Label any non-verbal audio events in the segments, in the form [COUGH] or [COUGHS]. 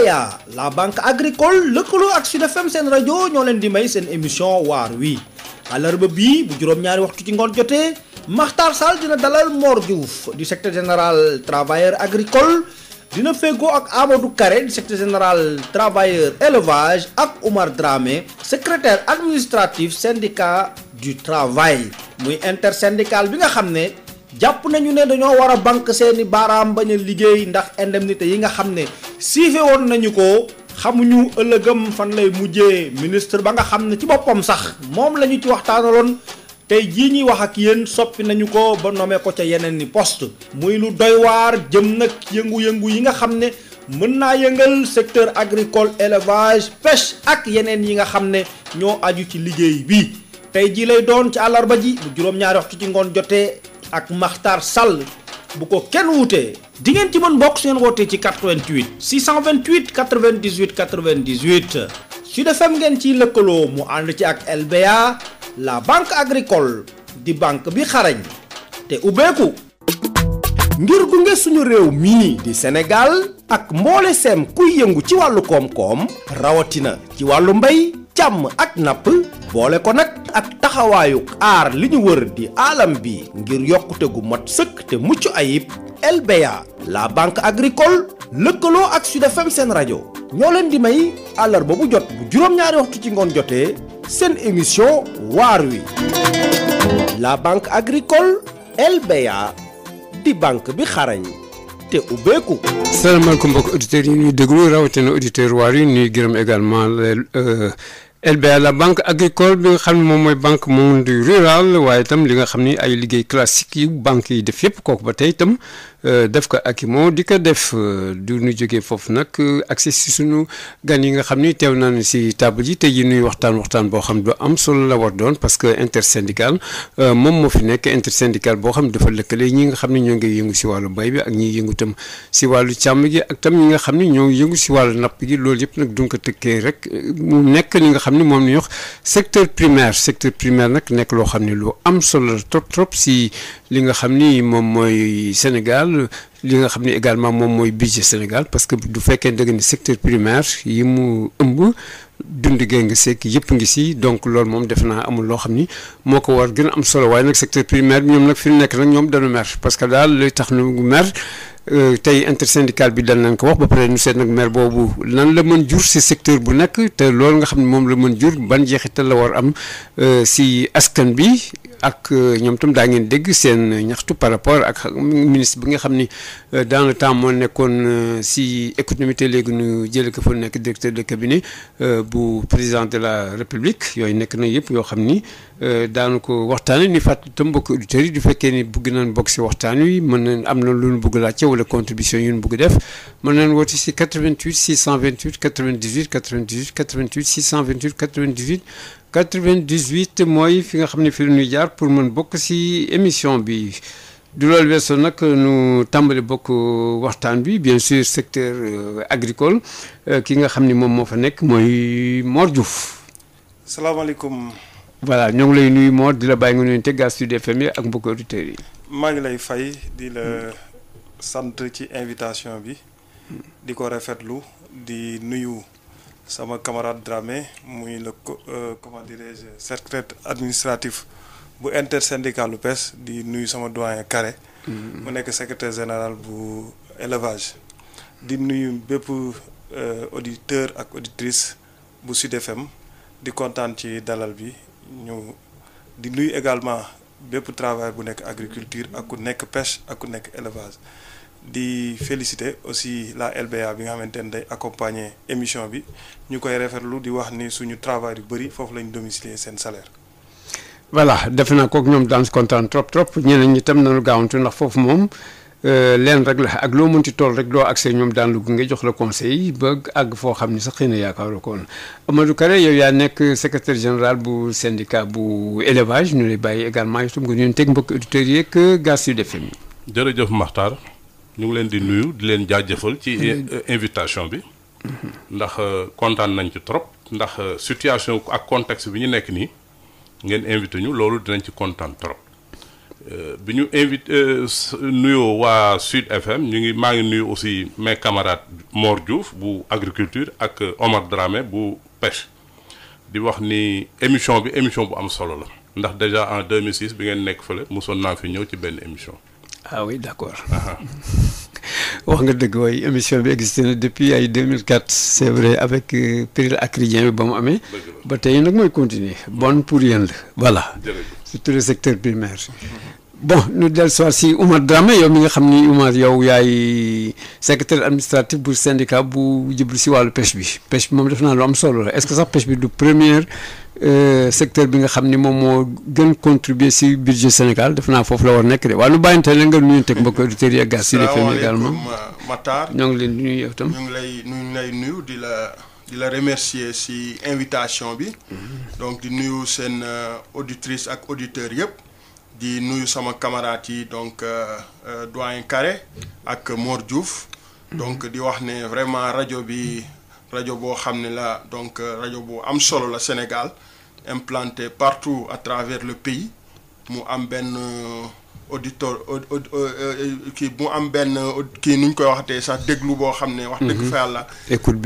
CCA la banque agricole lëkkaloo ak Sud FM seen rajo ñoo leen di may seen émission waar wi àllarba bii bu juróom-ñaari waxtu ci ngoon jotee Makhtar Sall dina dalal Mor Diouf du secteur général travailleur agricole dina feggoo ak Amadou Kare du secteur général travailleur élevage ak Oumar Dramé secrétaire administratif syndicat du travail muy inter intersyndical bi nga xam ne jàpp nañu ne dañoo war a banque seeni baaraam bañ a liggéey ndax indemnité yi nga xam ne siife woon nañu ko xamuñu ëllëgam fan lay mujjee ministre ba nga xam ne ci boppam sax moom la ñu ci waxtaanaloon tey jii ñuy wax ak yéen soppi nañu ko ba nommé ko ca yeneen ni poste muy lu doy waar jëm nag yëngu-yëngu yi nga xam ne mën naa yëngal secteur agricole élevage pêche ak yeneen yi nga xam ne ñoo aju ci liggéey bi tey jii lay doon ci àllarba ji bu juróom-ñaari waxtu ci ngoon jotee ak maxtar Sall bu ko kenn wutee di ngeen ci mën bokk su ngeen wootee ci 88 628 98 98 Sud FM ngeen ciy lëkkaloo mu ànd ci ak LBA la banque agricole di banque bi xarañ te ubbeeku ngir gunge suñu réew mii di Sénégal ak mboole seem kuy yëngu ci wàllu koom-koom rawatina ci wàllu mbay càmm ak napp boole ko nag ak taxawaayu aar li ñu wër di alam bi ngir yokkute gu mat sëkk te mucc ayib LBA la banque agricole lëkkaloo ak Sud FM seen rajo ñoo leen di may àllarba bu jot bu juróom-ñaari waxtu ci ngoon jotee seen émission waar wi la banque agricole LBA di banque bi xarañ te ubbeeku. salaamaaleykum mbokk auditeurs yi ñuy déglu rawatina auditeur waar yi ñuy gërëm également euh, LBA la banque agricole bi nga xam ne moom mooy banque monde rural waaye itam li nga xam ni ay liggéey classique yi banque yi def yëpp kooku ba tey itam Euh, def ko ak moo di ko def euh, du ñu jógee foofu nag euh, accès si suñu gan yi nga xam ni teew naa si taabul yi tey ji nuy waxtaan waxtaan boo xam du am solo la war doon parce que intersyndical moom moo fi nekk intersyndical boo xam dafa lëkkale ñi nga xam ne ñoo ngi yëngu si wàllu mbay bi ak ñi yëngu si wàllu càmm gi ak tam nga xam ne ñoo ngi yëngu si wàllu napp gi loolu yëpp nag duñ ko tëkkee nekk li nga xam ne moom la ñuy secteur primaire secteur primaire nag nekk loo xam ne lu am solo trop trop si li nga xam ni moom mooy Sénégal li nga xam ni également moom mooy budget Sénégal parce que du fekkee da nga secteur primaire yi mu ëmb dund gee nga sekk yëpp ngi si donc loolu moom def naa amul loo xam ni moo ko war gën am solo waaye nag secteur primaire bi ñoom nag fi mu nekk nag ñoom dañu mer parce que daal luy tax nu mer euh, tey intersyndical bi dañ leen ko wax ba pare ñu seet nag mer boobu nan la mën jur si secteur bu nekk te loolu nga xam ne moom la mën jur ban jeexital la war am euh, si askan bi. ak euh, ñoom itam daa ngeen dégg seen ñaxtu par rapport ak ministre bi nga xam ni euh, dans le temps moo nekkoon euh, si économie léegi nu jëlee ko fa nekk directeur de cabinet bu président de la république yooyu nekk na yëpp yoo xam ni daanu ko waxtaanee ni fàttali itam mbokk auditeurs du fekkee ni bëgg nañ bokk si waxtaan wi mën am na lu ñu bëgg laajte wala contribution yu ñu bëgg def mën nañ woote si 88 628 98 98 88 628 98. 98 mooy fi nga xam ne fi la ñuy jaar pour mën bokk ci émission bi du loolu weesoo nag nu tàmbali bokk waxtaan bi bien sûr secteur euh, agricole euh, ki nga xam ni moom moo fa nekk mooy Mor Diouf. salaamaaleykum. voilà ñoo ngi lay nuy Mor di la bàyyi nga nuyu teggaa Sud FM yi ak mbokki auditeurs yi. maa ngi lay fay di la sant ci invitation bi. di ko rafetlu di nuyu. sama camarade Dramé muy le euh, comment dirais-je secrétaire administratif bu intersyndical lu pes di nuyu sama doyen Carré mm-hmm. mu nekk secretaire général bu élevage di nuyu bépp euh, auditeur ak auditrice bu Sud FM di kontaan ci dalal bi ñu di nuyu également bépp travail bu nekk agriculture ak ku nekk pêche ak ku nekk élevage di féliciter aussi la LBA bi nga xamante ne day accompagner émission bi ñu koy referlu di wax ni suñu travail yu bëri foofu lañ domicilier seen salaire. voilà defe naa kook ñoom daan kontaan trop trop ñeneen ñi tam nañu gaawantu ndax foofu moom euh, leen rek la ak loo mënti tool rek doo accès ñoom daan lu gunge jox la conseil ba àgg foo xam ni sa xëy na yaakaaroo ko woon Amadou Kare yow yaa nekk secrétaire général bu syndicat bu élevage ñu lay bàyyi également itam nga ñun teg mbokk auditeurs yeeg gaz yu defee. jërëjëf Makhtar. ñu ngi leen di nuyu di leen jaajëfal ci euh, invitation bi mhm. ndax euh, kontaan nañ ci trop ndax euh, situation ak contexte bi ñu nekk nii ngeen invité ñu loolu dinañ ci kontaan trop bi ñu invité nuyoo waa Sud FM ñu ngi maa ngi nuyu aussi mes camarades moor Diouf bu agriculture ak Omar Dramé bu pêche di wax ni émission bi émission bu am solo la ndax déjà en 2006 bi ngeen nekk fële mosoon naa fi ñëw ci benn émission ah oui d'accord. wax nga dëgg waaye émission bi existé na depuis ay 2004 c'est vrai avec euh, péril acridien bi ba mu amee. ba tey nag mooy continuer bon pour yéen la voilà. surtout le secteur primaire. bon ñu dellu si si Oumar Dramé yow mi nga xam ni Oumar yow yaay secrétaire administratif bu syndicat bu jublu si wàllu pêche bi pêche bi moom def naa lu am solo la est-ce que sax pêche bi du première euh, secteur bi nga xam ni moom moo gën contribuer si budget Sénégal def naa foofu la war nekk de waaye lu bàyyante la nga nuyonteeg mbokk auditeurs yi ak gaz. salaamaaleykum euh, ñoo ngi leen di nuyu yow tam. ñu ngi lay ñu ngi lay nuyu di la di la remercier si invitation bi. Mm-hmm. donc di nuyu seen euh, auditrice ak auditeurs yëpp. di nuyu sama camarades yi donc euh, euh, doyen Carré ak moor Diouf. donc di wax ne vraiment rajo bi rajo boo xam ne la donc euh, rajo bu am solo la Sénégal implanté partout à travers le pays mu am benn auditeur kii mu am benn kii nu ñu koy waxatee sax déglu boo xam ne. wax dëgg fa mhm. yàlla. écoute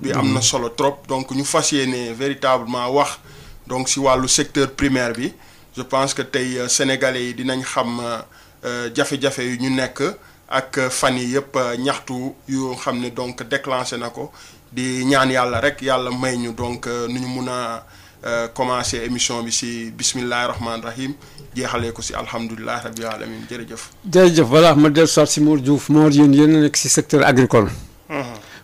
bi am na mhm. solo trop. donc ñu fas yéene véritablement wax donc si wàllu secteur primaire bi. je pense que tey euh, sénégalais yi dinañ xam euh, euh, jafe-jafe yu ñu nekk ak fan yi yëpp ñaxtu yu xam ne donc déclenché na ko di ñaan yàlla rek yàlla may ñu donc nu ñu mun a commencé émission bi si bismillahi rahmaani rahim jeexalee ko si alhamdulilah rabil alamin jërëjëf. jërëjëf balaa ma dellusiwaat si Mor Diouf Mor yéen yéen nekk si secteur agricole.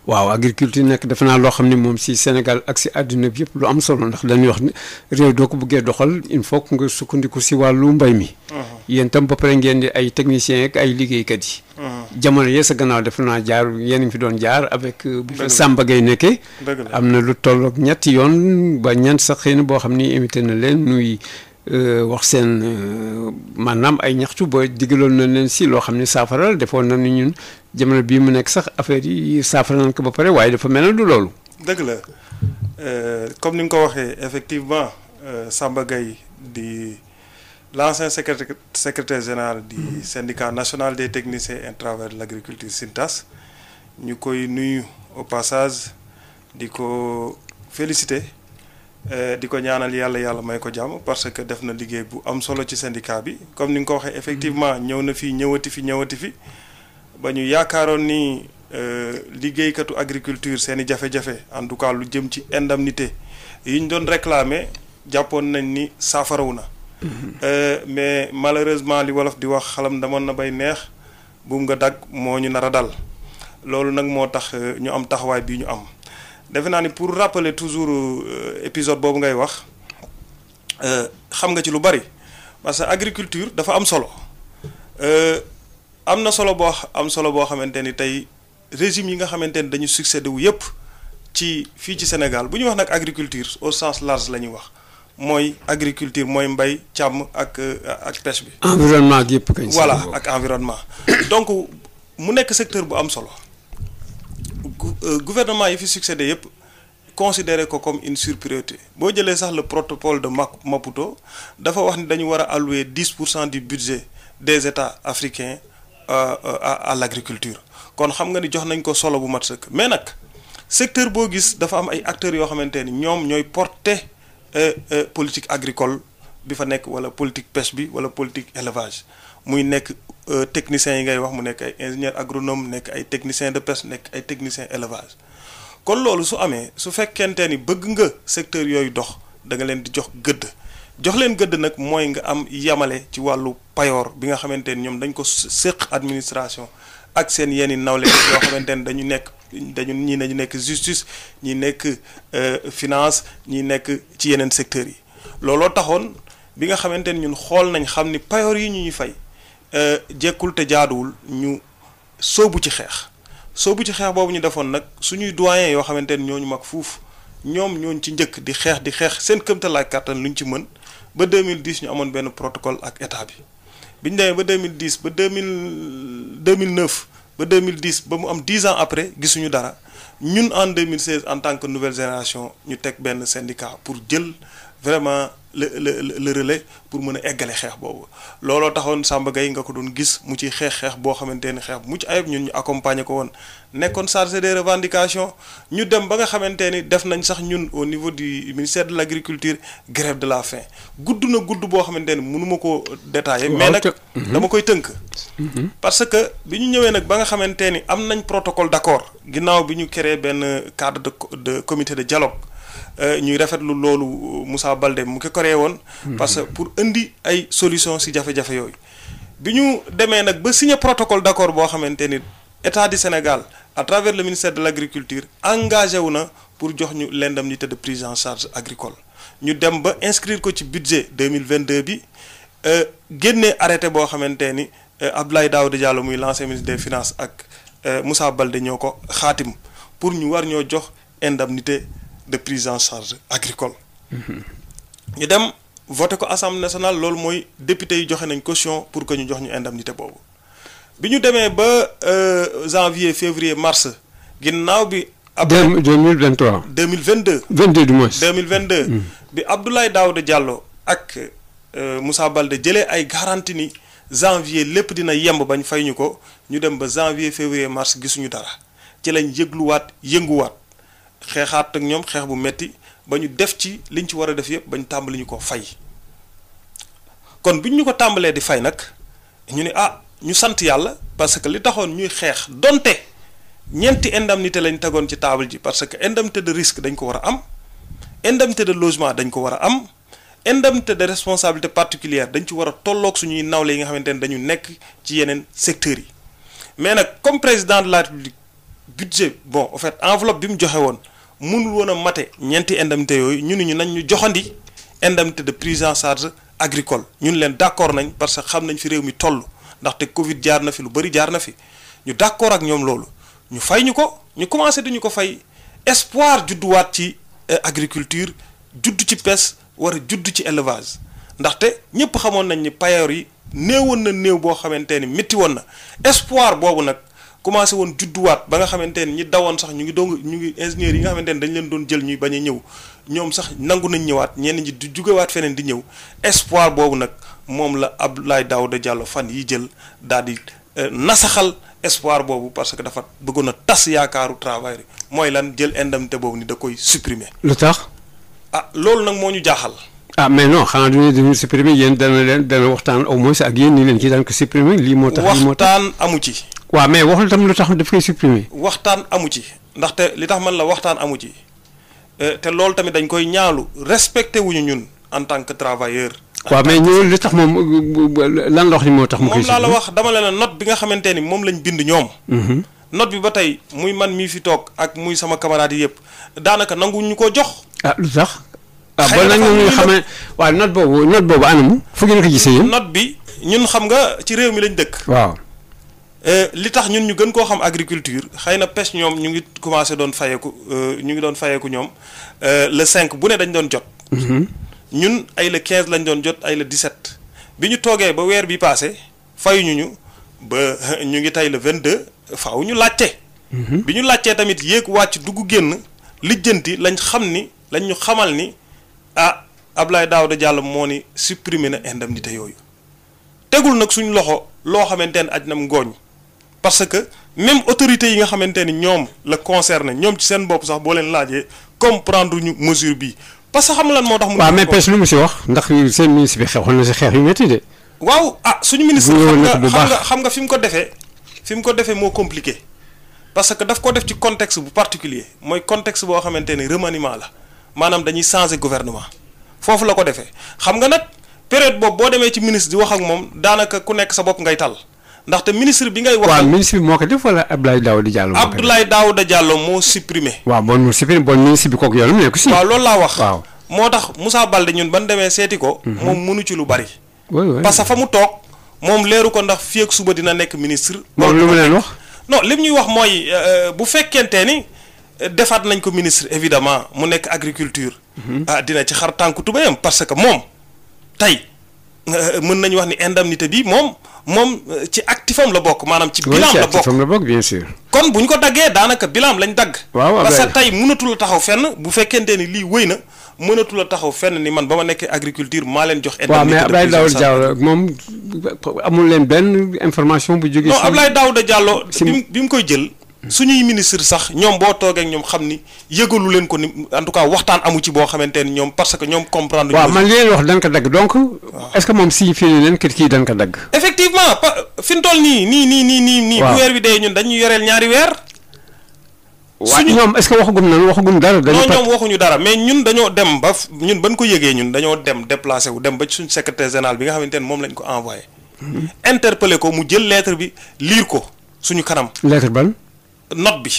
waaw agriculture nekk defe naa loo xam ne moom si Sénégal ak si àddina bi yëpp lu am solo ndax dañuy wax ne doo ko bëggee doxal il faut que nga sukkandiku si wàllu mbay mi. Uh-huh. yéen tam ba pare ngeen di ay techniciens ak ay liggéeykat yi. Uh-huh. jamono yee sa gannaaw defe naa jaar yéen ngi fi doon jaar avec. bu fa Samba Gueye am na lu tollook ñetti yoon ba ñeent sax xëy na boo xam ni invité na leen nuy euh, wax seen euh, maanaam ay ñaxtu ba digaloon na leen si loo xam ne saafara defoon na ni ñun jamono bii mu nekk sax affaire yi saafara nañ ko ba pare waaye dafa mel ne du loolu. dëgg la euh, comme ni nga ko waxee effectivement euh, Samba Gaye di l'ancien secretaire secrétaire général du syndicat national des techniciens et travailleurs agriculture l'agriculture SYNTAS ñu koy nuyu au passage di ko féliciter euh, di ko ñaanal yàlla yàlla may ko jàmm parce que def na liggéey bu am solo ci syndicat bi comme ni nga ko waxee effectivement ñëw na fi ñëwati fi ñëwati fi. ba ñu yaakaaroon ni euh, liggéeykatu agriculture seen i jafe-jafe en tout cas lu jëm ci indemnité yi ñu doon réclamer jàppoon nañ ni saafarawu na. Mhm. Euh, mais malheureusement li wolof di wax xalam damoon na bay neex buum nga dagg moo ñu nar a dal loolu nag moo tax euh, ñu am taxawaay bii ñu am defe naa ni pour rappeler toujours épisode boobu ngay wax xam nga ci lu bari parce que agriculture dafa am solo. am na solo boo am solo boo xamante ni tey régime yi nga xamante ni dañu succédé wu yëpp ci fii ci Sénégal bu ñuy wax nag agriculture au sens large la ñuy wax mooy agriculture mooy mbay càmm ak euh, ak pêche bi. environnement gi yëpp kañ. voilà ak environnement. [COUGHS] donc mu nekk secteur bu am solo euh, gouvernement yi fi succédé yëpp. considéré ko comme une surpriorité boo jëlee sax le protocole de Maputo dafa wax ni dañu war a allouer dix pour cent du budget des États africains a euh, euh, l'agriculture kon xam nga ni jox nañ ko solo bu mat sëkk mais nag secteur boo gis dafa am ay acteurs yoo xamante ni ñoom ñooy porter euh, politique agricole bi fa nekk wala politique pêche bi wala politique élevage muy nekk techniciens yi ngay wax mu nekk ay ingénieur agronome nekk ay technicien de pêche nekk ay technicien élevage kon loolu su amee su fekkente ni bëgg nga secteur yooyu dox da nga leen di jox gëdd jox leen gëdd nag mooy nga am yamale ci wàllu payoor bi nga xamante ni ñoom dañ ko séq administration ak seen yenn nawle [COUGHS] yoo xamante dañu nekk dañu ñi dañu nekk justice ñi nekk euh, finance ñi nekk ci yeneen secteurs yi looloo taxoon bi nga xamante ni ñun xool nañ xam ni payoor yi ñu ñuy fay euh, jekkul te jaaduwul ñu soobu ci xeex soobu ci xeex boobu ñu defoon nag suñuy doyen yoo xamante ni ñooñu mag fuuf ñoom ñooñ ci njëkk di xeex di xeex seen këmtalaay lu ñu ci mën ba 2010 ñu amoon benn protocole ak état bi bi ñu demee ba 2010 ba 2000 2009 ba 2010 ba mu am 10 ans après gisuñu dara ñun en 2016 en tant que nouvelle génération ñu teg benn syndicat pour jël vraiment. le le le relais pour mën a eggale xeex boobu looloo taxoon Samba Gaye nga ko doon gis mu ci xeex xeex boo xamante ni xeex bu mucc ayib ñun ñu accompagner ko woon nekkoon chargé des revendication ñu dem ba nga xamante ni def nañ sax ñun au niveau du ministère de l' agriculture grève de la fin gudd na gudd boo xamante ni mënuma koo détailler mais nag mhm. dama koy tënk mhm. parce que bi ñu ñëwee nag ba nga xamante ni am nañ protocole d' accord ginnaaw bi ñu créé benn cadre de de comité de dialogue Euh, ñuy rafetlu loolu Moussa Balde mu ko créé woon. Mhm. parce que pour indi ay solution si jafe-jafe yooyu. bi ñu demee nag ba signé protocole d'accord boo xamante ni état du Sénégal à travers le ministère de l'agriculture engagé wu na pour jox ñu l'indemnité de prise en charge agricole. ñu dem ba inscrire ko ci budget 2022 bi euh, génne arrêté boo xamante ni euh, Abdoulaye Daouda Diallo muy l'ancien ministre des finance ak Moussa Balde ñoo ko xaatim pour ñu war ñoo jox indemnité. de prise en charge agricole. ñu dem voté ko assemblée nationale loolu mooy député yi joxe nañ caution pour que ñu jox ñu indemnité boobu bi ñu demee ba euh, janvier février mars ginnaaw bi. après 2023 2022. 22 du moins 2022. Mm. bi Abdoulaye Daouda Diallo ak euh, Moussa Balde jëlee ay garanti ni janvier lépp dina yemb bañ fay ñu ko ñu dem ba janvier février mars gisuñu dara ci lañ yëgluwaat yënguwaat. xeexaat ak ñoom xeex bu metti ba ñu def ci liñ ci war a def yëpp ba ñu tàmbali ñu ko fay kon bi ñu ko tàmbalee di fay nag ñu ni ah ñu sant yàlla parce que li taxoon ñuy xeex donte ñeenti indemnité lañ tegoon ci table ji parce que indemnité de risque dañ ko war a am indemnité de logement dañ ko war a am indemnité de responsabilité particulière dañ ci war a tolloog suñuy nawle yi nga xamante ne dañu nekk ci yeneen secteurs yi mais nag comme président la république budget bon en fait enveloppe bi mu joxe woon mënul woon a mate ñeenti indemnité yooyu ñu ni ñu nañ ñu joxandi indemnité de prise en charge agricole ñun leen d'accord nañ parce que xam nañ fi réew mi toll ndaxte Covid jaar na fi lu bëri jaar na fi ñu d'accord ak ñoom loolu ñu fay ñu ko ñu commencé duñu ko fay espoir judduwaat ci euh, agriculture juddu ci pêche war a judd ci élevage ndaxte ñëpp xamoon nañ ni payoor yi néewoon na néew boo xamante ni métti na espoir boobu nag. commencé woon judduwaat ba nga xamante ne ñi dawoon sax ñu ngi dong ñu ngi ingénieurs yi nga xamante ne dañ leen doon jël ñuy bañ a ñëw ñoom sax nangu nañ ñëwaat ñeen ñi di jugewaat feneen di ñëw espoir boobu nag moom la Abdoulaye Daouda Diallo fan yi jël daal di euh, nasaxal espoir boobu parce que dafa bëggoon a tas yaakaaru travail mooy lan jël indemnité boobu ni da koy supprimer. lu tax. ah loolu nag moo ñu jaaxal. ah mais non xanaa leen dana waxtaan au moins ak yéen ko supprimer lii moo tax lii moo tax waxtaan amu ci. waaw mais waxul tam lu tax daf koy supprimer. waxtaan amu ci ndaxte li tax man la waxtaan amu ci euh, te loolu tamit dañ koy ñaalu respecté wuñu ñun en tant que travailleur. waaw mais ñooñu li tax moom lan la moo tax. mu koy laa la wax dama la ne note bi nga xamante ni moom lañ bind ñoom. Mhm. not bi ba tey muy man mii fi toog ak muy sama camarades yi yëpp daanaka nanguwuñ ñu ko jox. ah lu tax. Ah, xëy na ñu nga xamee waaw note boobu note bi ñun xam nga ci réew mi lañ dëkk. waaw. Euh, li tax ñun ñu gën koo xam agriculture xëy na pêche ñoom ñu ngi commencé doon fayeeku euh, ñu ngi doon fayeeku ñoom euh, le cinq bu ne dañ doon jot. Mhm. ñun ay le 15 lañ doon jot ay le 17. bi ñu toogee ba weer bi passé fayuñu ñu ba [LAUGHS] ñu ngi tey le deux faw ñu laajte. Mhm. bi ñu laajtee tamit yéeg wàcc dugg génn lijjanti lañ xam ni lañ ñu xamal ni ah ab Abdoulaye Daouda jàll moo ni supprimer na indemnité yooyu tegul nag suñ loxo loo xamante ne aj nam ngooñ. parce que même autorités yi nga xamante ni ñoom la concerné ñoom ci seen bopp sax boo leen laajee comprendre ñu mesure bi parce que xam lan moo tax. mu waaw mais pêche si wax ndax seen ministre bi xeexoon na si xeex yu métti de. waaw ah suñu ministre xam nga fi mu ko defee fi mu ko defee moo compliqué parce que daf ko def ci contexte bu particulier mooy contexte boo xamante ne remaniement la maanaam dañuy changer gouvernement foofu la ko defee xam nga nag période boobu boo demee ci ministre di wax ak moom daanaka ku nekk sa bopp ngay tal ndaxte ministre bi ngay. waxal waaw ministre bi moo ko def wala Abdoulaye Daouda Diallo. Abdoulaye Daouda Diallo moo supprimé. waaw bon mu supprimé bon ministre bi ko yoonu mu nekk si. waaw loolu laa wax. waaw moo tax Moussa Baldé ñun ban demee seeti ko. Mhm. moom mënu ci lu bari. parce que fa mu toog moom leeru ko ndax fii ak suba dina nekk ministre. moom lu mu leen wax. non li mu ñuy wax mooy euh, euh, bu fekkente ni euh, defaat nañ ko ministre évidemment mu nekk agriculture. Mhm. ah dina ci xar tànku tubéyam parce que moom tey mën nañu wax ni indemnité bi moom. moom euh, ci actifam la bokk maanaam ci bilaam la bokk la bokk bien sûr kon bu ñu ko daggee daanaka bilaam lañ dagg waaw parce que tey mënatul a taxaw fenn bu fekkente ni lii wëy na mënatul a taxaw fenn ni man ba ma nekkee agriculture maa leen jox waaw mais Abdoulaye Daouda Diallo moom amul leen benn information bu jógee non Abdoulaye Daouda Diallo bi mu koy jël suñuy ministre sax ñoom boo toogee ñoom xam ni yëgalu leen ko ni en tout cas waxtaan amu ci boo xamante ni ñoom parce que ñoom comprendre. waaw man li wax dañ dagg donc. est-ce que moom signifie na leen que kii dañ ko dagg. effectivement fi mu toll nii nii nii nii nii. nii bu weer bi dee ñun dañu yoreel ñaari weer. suñu ñoom est-ce que waxagum nañu waxagum dara. dañu ñoom waxuñu dara mais ñun dañoo dem ba ñun bañ ko yëgee ñun dañoo dem déplacé wu dem ba suñu secrétaire général bi nga xamante ne moom lañ ko envoyé. Hmm. interpellé ko mu jël leetre bi liir ko suñu kanam. lettre note bi.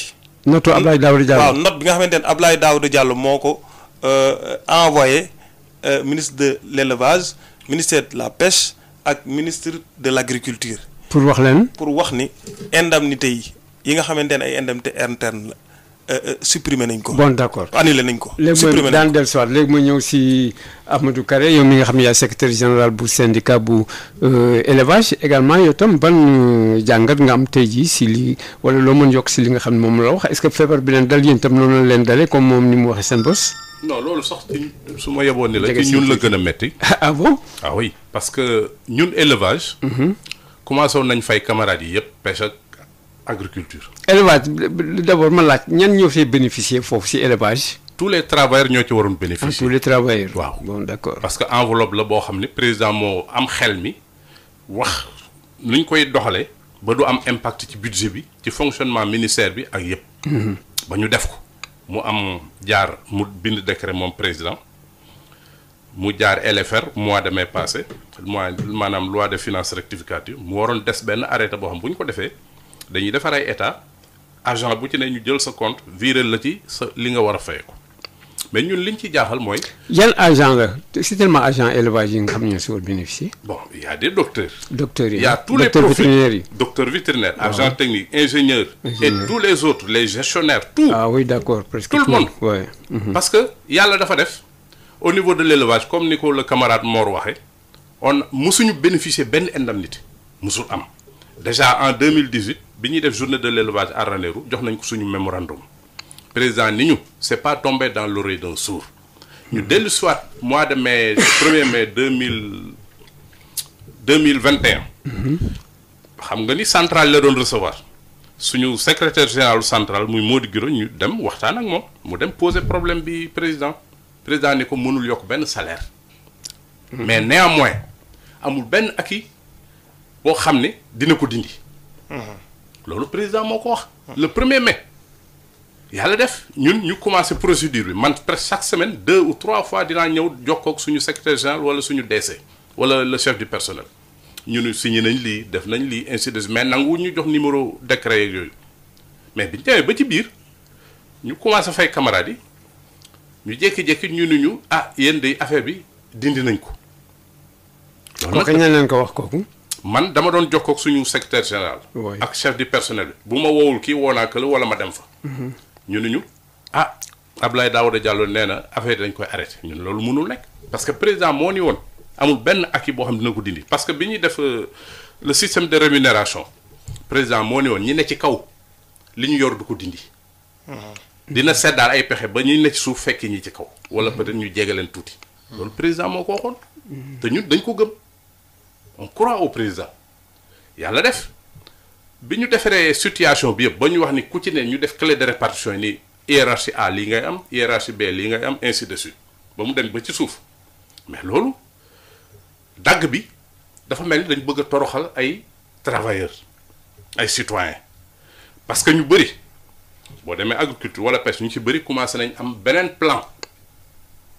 notu Abdoulaye Daouda Diallo waaw note bi nga xamante ne Abdoulaye Daouda Diallo moo ko euh, envoyé euh, ministre de l' élevage ministère de la pêche ak ministre de l' agriculture. pour wax leen. pour wax ni indemnité yi nga xamante ne ay indemnité interne la. Euh, euh, supprimer nañ ko. bon d' accord annulé nañ ko. supprimer nañ ko léegi mooy daan dellusiwaat léegi mooy ñëw si Amadou Karé yow mi nga xam ne yaay secrétaire général bu syndicat bu euh, élevage également yow tam ban jàngat nga am tey jii si lii wala loo mën yokk si li nga xam ne moom la wax est ce que feebar bi leen dal yéen tam noonu la leen dalee comme su ma yeboon ni la ci ñun la gën a métti. [LAUGHS] Ah, ah bon. ah parce que ñun élevage. Mhm. commencé woon nañ fay camarades yi yëpp pêche agriculture. élevage d' abord ma laaj ñan ñoo fee bénéficier foofu si élevage. tous les travailleurs ñoo ci waroon bénéficier. Ah, tous les travailleurs. waaw bon d' accord. parce que enveloppe la boo xam ne président moo am xel mi wax nuñ koy doxalee. ba du am impact ci budget bi ci fonctionnement ministère bi ak yëpp. Mhm. ba ñu def ko mu am jaar mu bind décret moom président mu jaar LFR mois de mai passé mois maanaam loi de finances rectificative mu waroon des benn arrêté boo xam bu ñu ko defee. dañuy defar ay état agent bu ci ne ñu jël sa compte virer la ci sa li nga war a fay ko mais ñun liñ ci jaaxal mooy. yan agent la c'est tellement agent élevage yi nga xam ne si bénéficier. bon il y a des yi y a tous les yi docteur vétérinaire ah, agent technique ingénieur. les autres les gestionnaires tout. ah oui d'accord presque tout le monde. Mhm. parce que yàlla dafa def au niveau de l'élevage comme ni ko la camarade moor waxee on musuñu bénéficier benn indemnité musul am. déjà en 2018 bi ñuy def journée de l'élevage à Ranérou jox nañ ko suñu mémorandum président ni ñu c'est pas tomber dans l'oreille d'un sourd ñu hmm. dellu soit mois de mai premier mai deux mille deux mille vingt et hmm. xam nga ni central la doon recevoir suñu secrétaire général central muy Mody Guiro ñu dem waxtaan ak moom mu dem poser problème bi président président ni ko mënul yokk benn salaire hmm. mais néanmoins amul benn acquis boo xam ne dina ko dindi. Mhm. loolu président moo ko wax. le premier mai. yàlla def ñun ñu commencé procédure bi man presque chaque semaine deux ou trois fois dinaa ñëw jokkoog suñu secrétaire genre wala suñu DC wala le chef du personnel ñu ne signé nañ lii def nañ lii ainsi de suite mais nangu jox numéro décret yooyu mais bi demee ba ci biir ñu commencé fay camarades yi ñu jékki-jékki ñu ne ñu ah yéen de affaire bi dindi nañ ko. loolu nag leen ko wax kooku. man dama doon jokkoo ak suñu secrétaire général. ak chef du personnel bi. bu ma woowul kii woo naa kële wala ma dem fa. Mhm. ñu ne ñu ah Abdoulaye Daouda Diallo nee na affaire dañ koy arrêté ñun loolu mënul nekk. parce que président moo ni woon amul benn acquis boo xam dina ko dindi parce que bi ñuy def euh, le système de rémunération président moo ni woon ñi ne ci kaw li ñu yor du ko dindi. Mhm. dina seddaal ay pexe ba ñuy ne suuf fekk ñi ci kaw. wala peut-être ñu jege leen tuuti. Mhm. loolu président moo ko waxoon. te ñun dañ ko gëm. on croit au président yàlla def bi ñu defaree situation bi yëpp ba ñu wax ni ku ci ne ñu def clé de répartition yi nii hiérarchie A lii ngay am hiérarchie B lii ngay am ainsi de suite ba mu dem ba ci suuf mais loolu dagg bi dafa mel ni dañ bëgg a toroxal ay travailleurs ay citoyens parce que ñu bëri boo demee agriculture wala pêche ñu ci bëri commencé nañ am beneen plan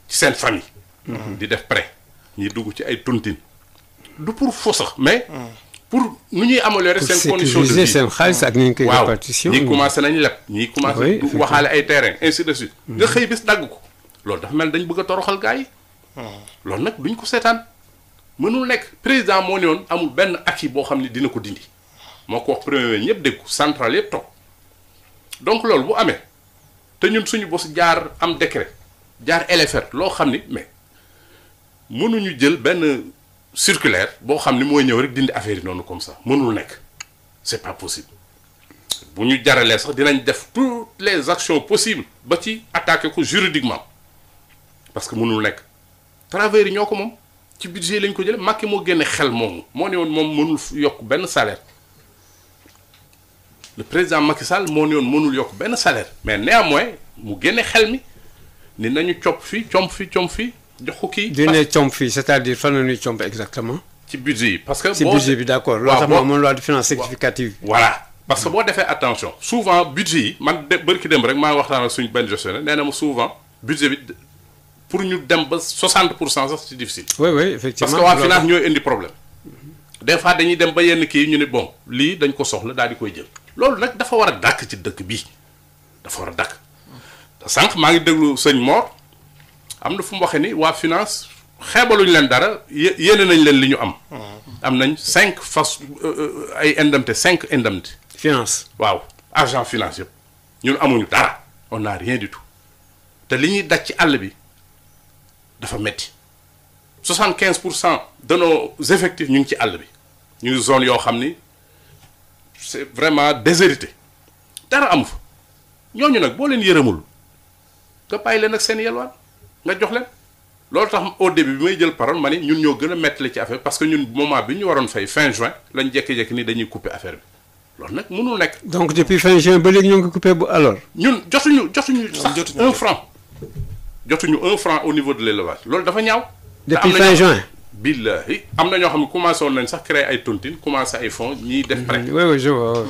ci seen famille. Mhm. di def prêt ñuy dugg ci ay tontine. du pour fo sax mais. pour nu ñuy améliorer seen. condition de vie seen xaalis ak ñu koy répartition waaw ñii commencé nañ leb ñii commencé. waxaale ay terrain ainsi de suite. Mhm. nga xëy bis dagg ko loolu dafa mel dañu bëgg a toroxal gars yi. Hmm. loolu nag duñ ko seetaan mënul nekk président moo ne woon amul benn ak yi boo xam ne dina ko dindi moo ko wax premier ñëpp dégg ko central yëpp toog donc loolu bu amee te ñun suñu bos jaar am décret jaar LFR loo xam ni mais mënuñu jël benn. circulaire boo xam ni mooy ñëw rek dindi affaire yi noonu comme ça mënul nekk c'est pas possible bu ñu jaralee sax dinañ def toutes les actions possibles ba ci attaquer ko juridiquement parce que mënul nekk travailleurs yi ñoo ko moom ci budget lañ ko jële Macky moo génne xel moomu moo ne woon moom mënul yokk benn salaire le président Macky Sall moo ne woon mënul yokk benn salaire mais néanmoins mu génne xel mi ni nañu cop fii comp fii com fii jox ko kii. du ne comp fii c'est-à-dire fan la ñuy comp exactement. ci budget yi parce que boo budget bi d'accord. waaw loo tax moom loi de finance rectificative. voilà parce que boo defee attention. souvent budget yi rek maa waxtaan ak suñ benn gestionnaire nee pour ñu dem ba 60 pour cent sax c'est difficile. parce que waa finance ñooy indi problème. des fois dañuy dem ba yenn kii ñu ne bon lii dañ ko soxla daal di koy jël loolu nag dafa war a dàkk ci dëkk bi dafa war a dàkk. sànq maa ngi déglu sëñ Mor. am na fu mu waxee ni waa finance xeebaluñ leen dara yéene nañ leen li ñu am. Hmm. am nañ cinq fas euh, euh, ay indemnité cinq indemnité. finance waaw argent finance yëpp ñun amuñu dara on n'a rien du tout te li ñuy daj ci àll bi dafa metti soixante quinze pour cent de nos ñu ngi ci àll bi ñu ngi zone yoo xam ni c'est vraiment déshérité dara amu fa ñooñu nag boo leen yërëmul nga leen ak seen yelwaan nga jox leen loolu tax au début bi may jël paroon ma ni ñun ñoo gën a mettale ci affaire parce que ñun moment bi ñu waroon fay fin juin lañ jékki-jékki ni dañuy couper affaire bi loolu nag mënul nekk. donc depuis fin juin ba léegi ñu ngi coupé bu alors. ñun jotuñu jotuñu sax un franc jotuñu un franc au niveau de l' élevage loolu dafa ñaaw. depuis fin juin billahi am na ñoo xam ne commencé woon nañ sax créer ay tontine commencé ay fonds ñiy def prêt. Mm-hmm. oui loolu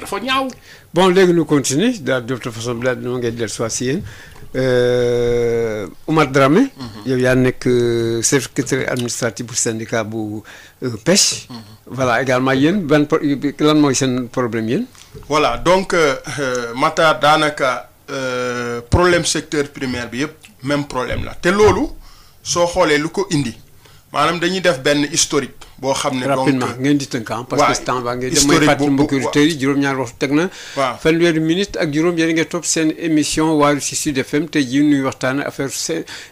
dafa ñaaw. bon léegi ñu continue daal de toute façon daal di nga dellusiwaat si Euh, Oumar Dramé. Mhm. yow yaa nekk euh, secrétaire administratif bu syndicat bu euh, pêche. Mhm. voilà également yéen ban lan mooy seen problème yéen. voilà donc Matar daanaka problème secteur primaire bi yëpp même problème la te loolu soo xoolee lu ko indi maanaam dañuy def benn historique. boo xam ne donc rapidement ngeen di tënk parce que temps baa ngeen damay fàttali mbokki auditeurs yi juróom-ñaari waxtu teg na waaw fanweeri ak juróom yéen a ngi topp seen émission waaru si Sud FM tey jii nuy waxtaan affaire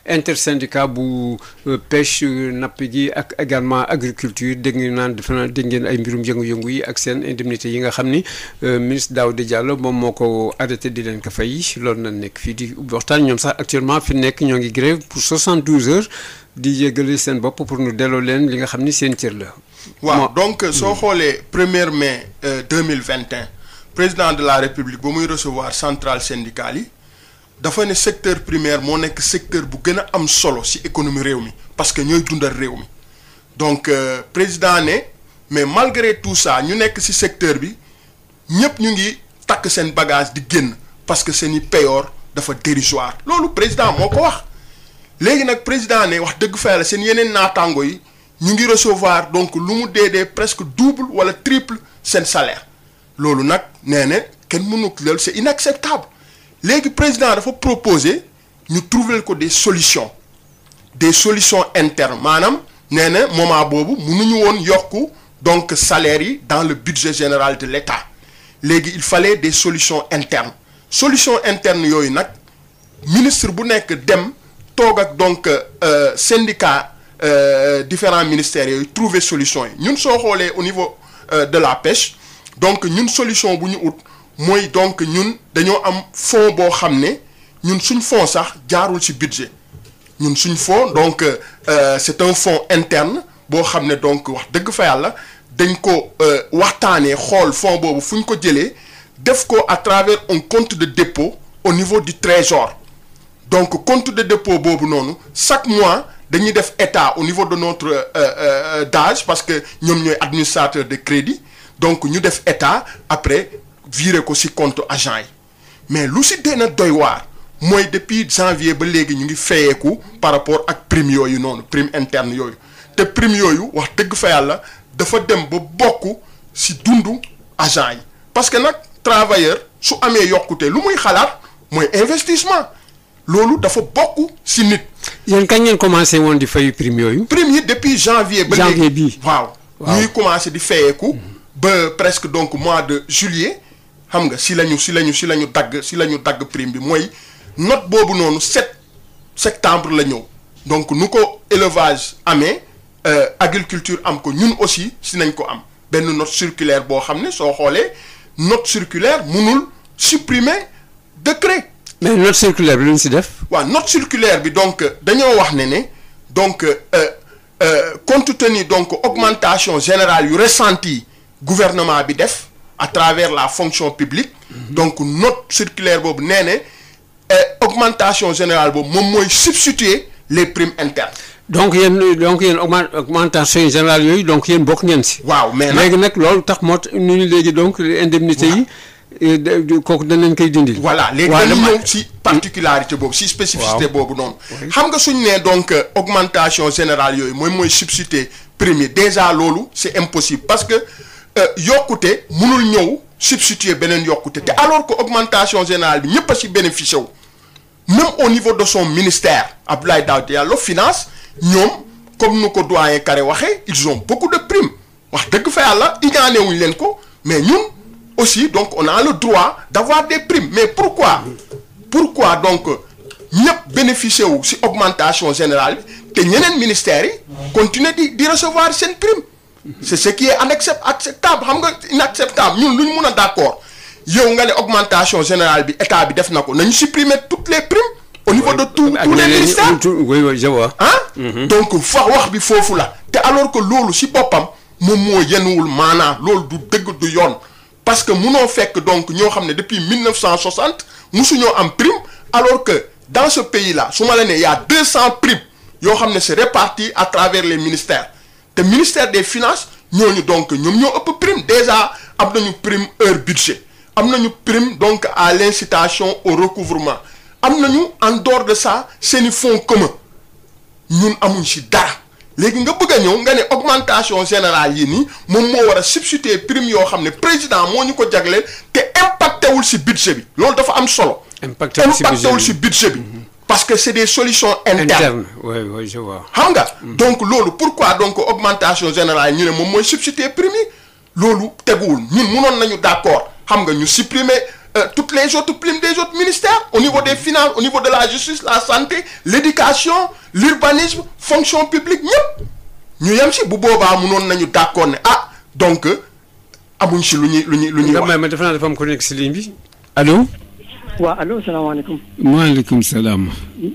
intersyndicat bu euh, pêche euh, napp gi ak également agriculture dégg ngeen naan defe naa dégg ngeen ay mbirum yëngu-yëngu yi ak seen indemnité yi nga xam ni euh, ministre Daouda Diallo moom moo ko arrêté di leen ko fay loolu na nekk fii di waxtaan ñoom sax actuellement fi nekk ñoo ngi grève pour 72 heures di yëgale seen bopp pour ñu delloo leen li nga xam ni seen cër la. waaw donc soo hmm. xoolee premier mai euh, deux mille vingt et président de la république ba muy recevoir centrale syndicale yi dafa ne secteur primaire moo nekk secteur bu gën a am solo ci économie réew mi parce que ñooy dundal réew mi donc euh, président ne mais malgré tout ça ñu nekk ci secteur bi ñépp ñu ngi takk seen bagage di génn parce que seen seeni payoor dafa dérisoire loolu président moo ko wax. léegi nag président ne wax dëgg fa la seen yeneen naataango yi ñu ngi recevoir donc lu mu dee dee presque double wala triple seen salaire loolu nag nee na kenn mënu loolu c'est inacceptable léegi président dafa proposer ñu trouver ko des solution des solutions internes maanaam nee na moment boobu mënuñu woon yokku donc salaire yi dans le budget général de l'État léegi il fallait des solutions internes solutions internes yooyu nag ministre bu nekk dem toog ak donc euh, syndicat euh, différents ministères yooyu trouver solution yi ñun soo xoolee au niveau euh, de la pêche donc ñun solution bu ñu ut mooy donc ñun dañoo am fonds boo xam ne ñun suñ fonds sax jaarul ci budget ñun suñ fonds donc c'est un fonds interne boo xam ne donc wax dëgg fa yàlla dañ ko waxtaanee xool fonds boobu fu ñu ko jëlee def ko à travers un compte de dépôt au niveau du trésor donc compte de dépôt boobu noonu chaque mois dañuy def état au niveau de notre euh, euh, euh, DAGE parce que ñoom ñooy administrateur de crédit donc ñu def état après viré ko ci compte agent yi mais lu ci dee na doy waar mooy depuis janvier ba léegi ñu ngi fayeeku par rapport ak prime yooyu noonu prime interne yooyu te prime yooyu wax dëgg fa yàlla dafa dem ba bokk ci dundu agent yi parce que nag travailleur su amee yokkutee lu muy xalaat mooy investissement loolu dafa bokk si nit. yéen kañ ngeen commencé woon di fay prime yooyu. prime yi depuis janvier. ba léegi bii waaw. ñuy commencé di fayeeku ba presque donc mois de juillet xam nga si lañu si lañu si lañu dagg si lañu dagg prime bi mooy note boobu noonu sept septembre la ñëw donc nu ko élevage amee euh, agriculture am ko ñun aussi si nañ ko am benn not circulaire boo xam ne soo xoolee note circulaire mënul supprimer décret. mais note circulaire bi lu si def. waaw note circulaire bi donc dañoo wax ne ne donc euh, euh, compte tenu donc augmentation générale yu ressenti gouvernement bi def à travers la fonction publique. Mhm. donc note circulaire boobu nee ne euh, augmentation général boobu moom mooy substituer les primes internes. donc yéen donc yéen augmentation yi générale yooyu donc yéen bokk ngeen si. waaw mais nag léegi nag loolu tax moo ñu léegi donc indemnité yi. Euh, kooku de danañ koy dindi. voilà léegi dañuy ñëw si particularité boobu si spécificité boobu noonu. xam nga suñ ne donc euh, augmentation général yooyu mooy mooy substituer prime yi déjà loolu c'est impossible parce que euh, yokkute mënul ñëw substituer beneen yokkute te alors que augmentation générale bi ñëpp si bénéficier wu même au niveau de son ministère Abdoulaye Daouda Diallo finance ñoom comme nu ko doyen Kare waxee ils ont beaucoup de primes wax dëgg fa yàlla ñaanewuñ leen ko mais aussi donc on a le droit d'avoir des primes mais pourquoi pourquoi donc ñëpp bénéficier wu ci augmentation générale bi te ñeneen ministères yi continuer di di recevoir seen prime c'est ce qui est inacceptable xam nga inacceptable ñun lu ñu mun a d'accord yow nga ne augmentation générale bi état bi def na ko nañu supprimer toutes les primes au niveau de tout tous les ministères ah donc fa wax bi foofu la te alors que loolu ci boppam moom moo yenuwul maanaam loolu du dëgg du yoon parce que munoo fekk donc ñoo xam ne depuis 1960 musuñoo am prime alors que dans ce pays là su ma la ne y' a yoo xam ne c' est réparti à travers les ministères te ministère des finances ñu donc ñoom ñoo ëpp prime déjà am nañu prime heure budget am nañu prime donc à l' incitation au recouvrement am ñu en dehors de ça seeni fonds commun ñun amuñ si dara. léegi nga bëgg a ñëw nga ne augmentation général yi nii moom moo war a substituer prime yoo xam ne président moo ñu ko jagleel te impacté si si budget bi loolu dafa am solo. impacté wul si budget bi mhm. parce que c'est des solutions internes. Interne. Oui, xam nga. Mhm. donc loolu pourquoi donc augmentation générale ñu ne moom mooy substituer prime yi loolu teguwul ñun noon nañu d'accord xam nga ñu supprimer. Euh, toutes les autres primes des autres ministères au niveau des mhm. finances au de la justice la santé l'urbanisme fonction publique ñëpp ñu yem si bu boobaa munoon nañu d'accord ne ah donc amuñ si lu ñuy lu ñuy lu ñuy wax. mais dafa naa dafa am bi allo. waaw allo salaamaaleykum. maaleykum salaam.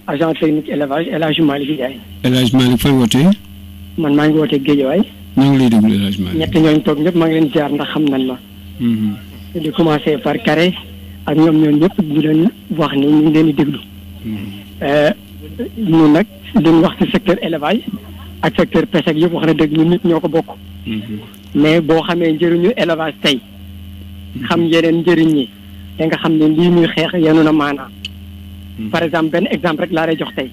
agent technique élevage El Hadj Malick Ndiaye. El Hadj Malick fan wootee. man maa ngi wootee Guédiawaye. maa ngi lay déglu ñëpp maa ngi leen ziar ndax xam nañ ma. Mm-hmm. di commencer par Carré ak ñoom ñooñu ñëpp di leen wax ni ñu ngi leen di déglu. Mm-hmm. Euh, ñun nag duñ wax ci secteur élevage ak secteur pêche ak yëpp wax na dëgg nit ñoo ko bokk. Mm-hmm. mais boo xamee njëriñu élevage tey. xam mm-hmm. yeneen njëriñ yi da nga xam ne lii muy xeex yenu na maanaam. Mm-hmm. par exemple benn exemple rek laa lay jox tey.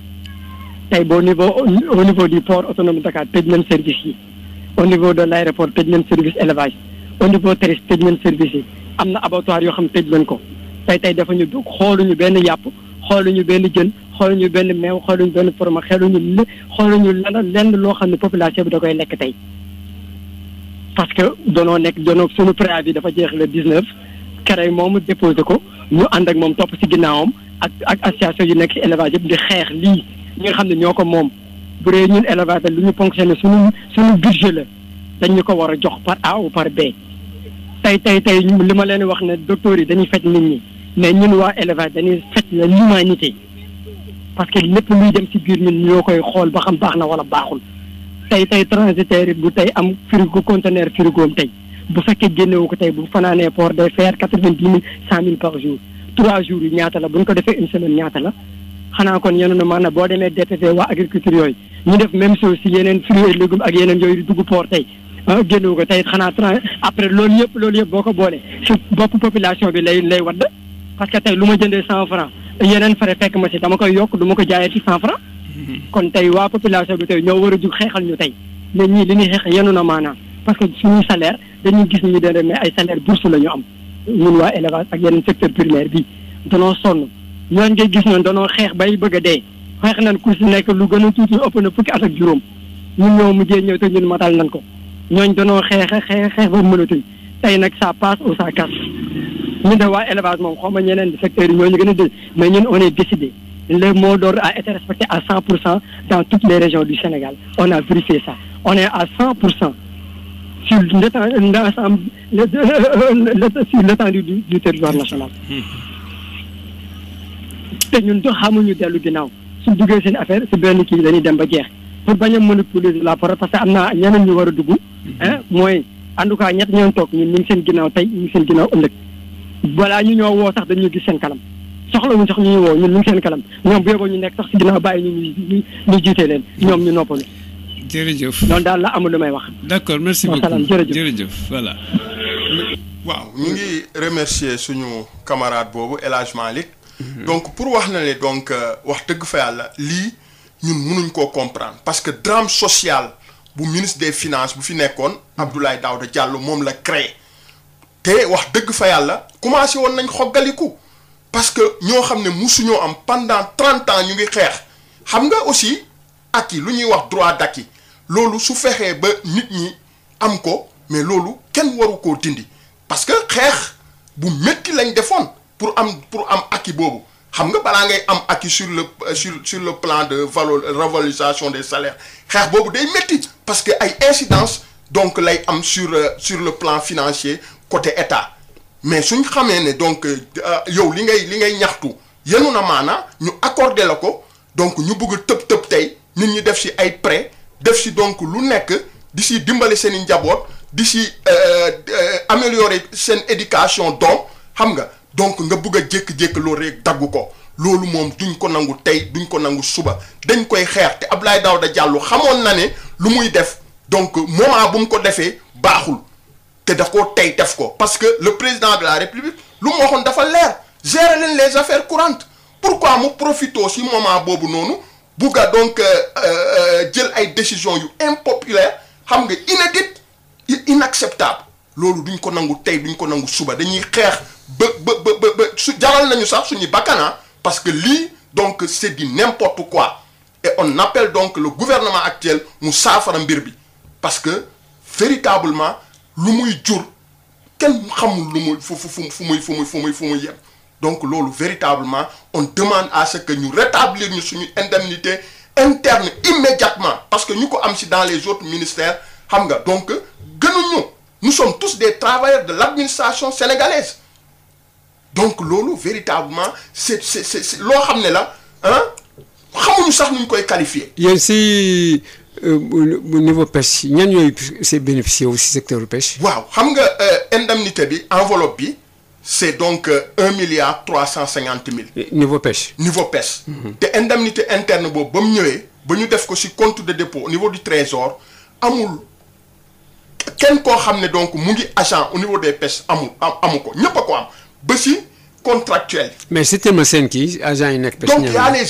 tey boo niveau au niveau du port autonome de Dakar tëj nañ service yi au niveau de l' tëj nañ service élevage au niveau terrestre tëj nañ service yi am na abattoir yoo xam tëj nañ ko tey tey dafa ñu xooluñu benn yàpp xooluñu benn jën xooluñu benn meew xooluñu benn format xooluñu lu xooluñu lan lenn loo xam ne population bi da koy lekk tey parce que danoo nekk danoo suñu préavis dafa jeex le 19 CREI ma déposé ko ñu ànd ak moom topp ci ginnaawam ak ak association yu nekk ci élevage yëpp di xeex lii ñi nga xam ne ñoo ko moom bu dee ñun élevage lu ñu ponctionné suñu suñu budget la dañ ñu ko war a jox par A ou par B tey tey tey li ma leen wax ne docteurs yi dañuy faj nit ñi mais ñun waa élevage dañuy faj la l'humanité parce que lépp luy dem ci biir ñun ñoo koy xool ba xam baax na wala baaxul tey tey transitaire bu tey am frigo conteneur frigoom tey bu fekkee génnewu ko tey bu fanaanee port day faire quatre-vingt-dix mille cent mille par jour trois jours yi ñaata la bu ñu ko defee une ñaata la xanaa kon yenoon na maanaam boo demee DPV waa agriculture yooyu ñu def même chose si yeneen fruits et légumes ak yeneen yooyu dugg port tey ah, génnewu ko tey xanaa trans après loolu yëpp loolu yëpp boo ko boolee si bopp population bi lay lay wadd parce lu ma jëndee cent francs yeneen frais fekk ma si dama koy yokk du ma ko jaayee ci cent franc mm-hmm. kon tey waa population bi tey ñoo war a jug xeexal ñu tey mais ñii li ñuy xeex yenu na maanaam parce que suñuy salaire dañuy gis ni ñu doon mais ay salaire bourse la ñu am ñun waa élevage ak yeneen secteur primaire bi danoo sonn ñooñu ngay gis noonu danoo xeex bay bëgg dee xeex nañ ku si nekk lu gën a tuuti ëpp na fukki at ak juróom ñun ñoo mujjee ñëw te ñun matal nañ ko ñooñ danoo xeex xeex xeex ba mënatuñ tey nag ça passe ou ça ñu ne waa élevage moom xaw ma ñeneen secteurs yi gën a dégg mais ñun on est décidé le mot d'ordre a été respecté à cent pour cent dans toutes les régions du Sénégal on a vérifié ça on est à cent pour cent sur l'ensemble sur du territoire national. te ñun do xamuñu dellu ginnaaw suñ duggee seen affaire si benn kii dañuy dem ba jeex pour bañ a manipuler la parce que am naa ñeneen ñu war a dugg. mooy en tout cas ñett ñoon toog ñun ñu seen ginnaaw tey ñu ngi seen ginnaaw ëllëg. balaa ñu ñoo woo sax dañuy gis seen kanam soxla ñu ñu woo ñun ñu ngi seen kanam ñoom bu yóbboo ñu nekk sax si ginnaaw bàyyi ñu ñu jiitee jiite leen ñoom ñu noppalu. jërëjëf noonu daal la amul lu may wax. d'accord merci beaucoup jërëjëf voilà. waaw ñu ngi remercier suñu camarade boobu élagement Hadj mhm. donc pour wax na ne donc euh, wax dëgg fa yàlla lii ñun mënuñ koo comprendre parce que drame social bu ministre des finance bu fi nekkoon Abdoulaye Daouda Diallo moom la créé. te wax dëgg fa yàlla commencé woon nañ xoggaliku parce que ñoo xam ne mu musuñoo am pendant trente ans ñu ngi xeex xam nga aussi yi lu ñuy wax droit d'acquis loolu su fexee ba nit ñi am ko mais loolu kenn waru koo dindi parce que xeex bu métti lañ defoon pour am pour am acquis boobu xam nga balaa ngay am acquis sur le sur sur le plan de valo revalorisation des salaires xeex boobu day métti parce que ay incidence donc lay am sur euh, sur le plan financier côté état mais suñ xamee ne donc euh, yow li ngay li ngay ñaxtu yenu na maanaa ñu accordé la ko donc ñu bugg tëb tëb tey nit ñi def si ay prêt def si donc lu nekk di si dimbale seen i njaboot di si euh, euh, améliorer seen éducation doom xam nga donc nga bugg a jékki-jékki loolu rek ko loolu moom duñ ko nangu tey duñ ko nangu suba dañ koy xeer te daw da Diallo xamoon na ne lu muy def donc moment bu mu ko defee baaxul. te daf ko tey def ko parce que le président de la république lu mu waxoon dafa leer gérer leen les affaires courantes pourquoi mu profitoo si moment boobu noonu bugg a donc euh, euh, jël ay décisions yu impopulaire xam nga inédite inacceptable loolu duñ ko nangu tey duñ ko nangu suba dañuy xeex ba ba ba ba su jaral nañu sax suñuy bakkanaa ah, parce que lii donc c'est du n'importe quoi et on appelle donc le gouvernement actuel mu saafara mbir bi parce que véritablement lu muy jur kenn xamul lu mu fu fu fu fu muy fu muy fu muy fu mu yem donc loolu véritablement on demande à ce que ñu rétablir ñu suñu indemnité interne immédiatement parce que ñu ko am si dans les autres ministères xam nga donc gënuñu nous sommes tous des travailleurs de l'administration sénégalaise donc loolu véritablement c'est c'est c'est loo xam ne la ah xamuñu sax nuñ koy qualifier yéen si bu euh, niveau pêche ñan yooyu c'est bénéficié si secteur pêche. waaw xam nga euh, indemnité bi enveloppe bi c'est donc euh, un milliard trois cent cinquante mille. niveau pêche. niveau pêche. Mhm. te indemnité interne boobu ba mu ñëwee. ba ñu def ko si compte de dépôt au niveau du amul kenn koo xam ne donc mu ngi agent au niveau des pêches amul amu ko ñëpp ko am ba ci contractuel. mais c'est tellement seen kii agent yi nekk pêche. donc y a les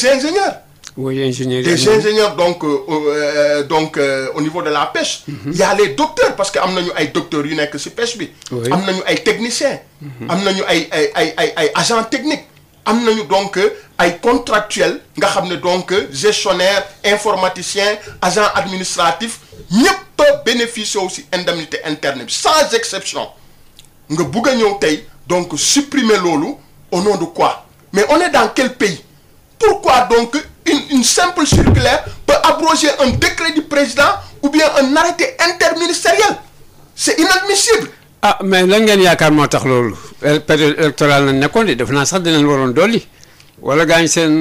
Oui, ingénieur. Des ingénieurs donc euh, euh, donc euh, au niveau de la pêche. Mm les docteurs parce que am nañu ay docteurs yu nekk ci pêche bi. am nañu ay technicien mhm. am nañu ay ay ay ay ay agents techniques. am nañu donc euh, ay contractuels nga xam ne donc euh, gestionnaire informaticien agent administratif ñëpp a bénéficier aussi indemnité interne bi sans exception nga bugg a ñëw tey donc supprimer loolu au nom de quoi mais on est dans quel pays pourquoi donc une une simple circulaire peut abroger un décret du président ou bien un arrêté interministériel c'est inadmissible. ah mais lan ngeen yaakaar moo tax loolu période électorale na nekkoon de def naa sax dinañ waroon dooli wala gaañ seen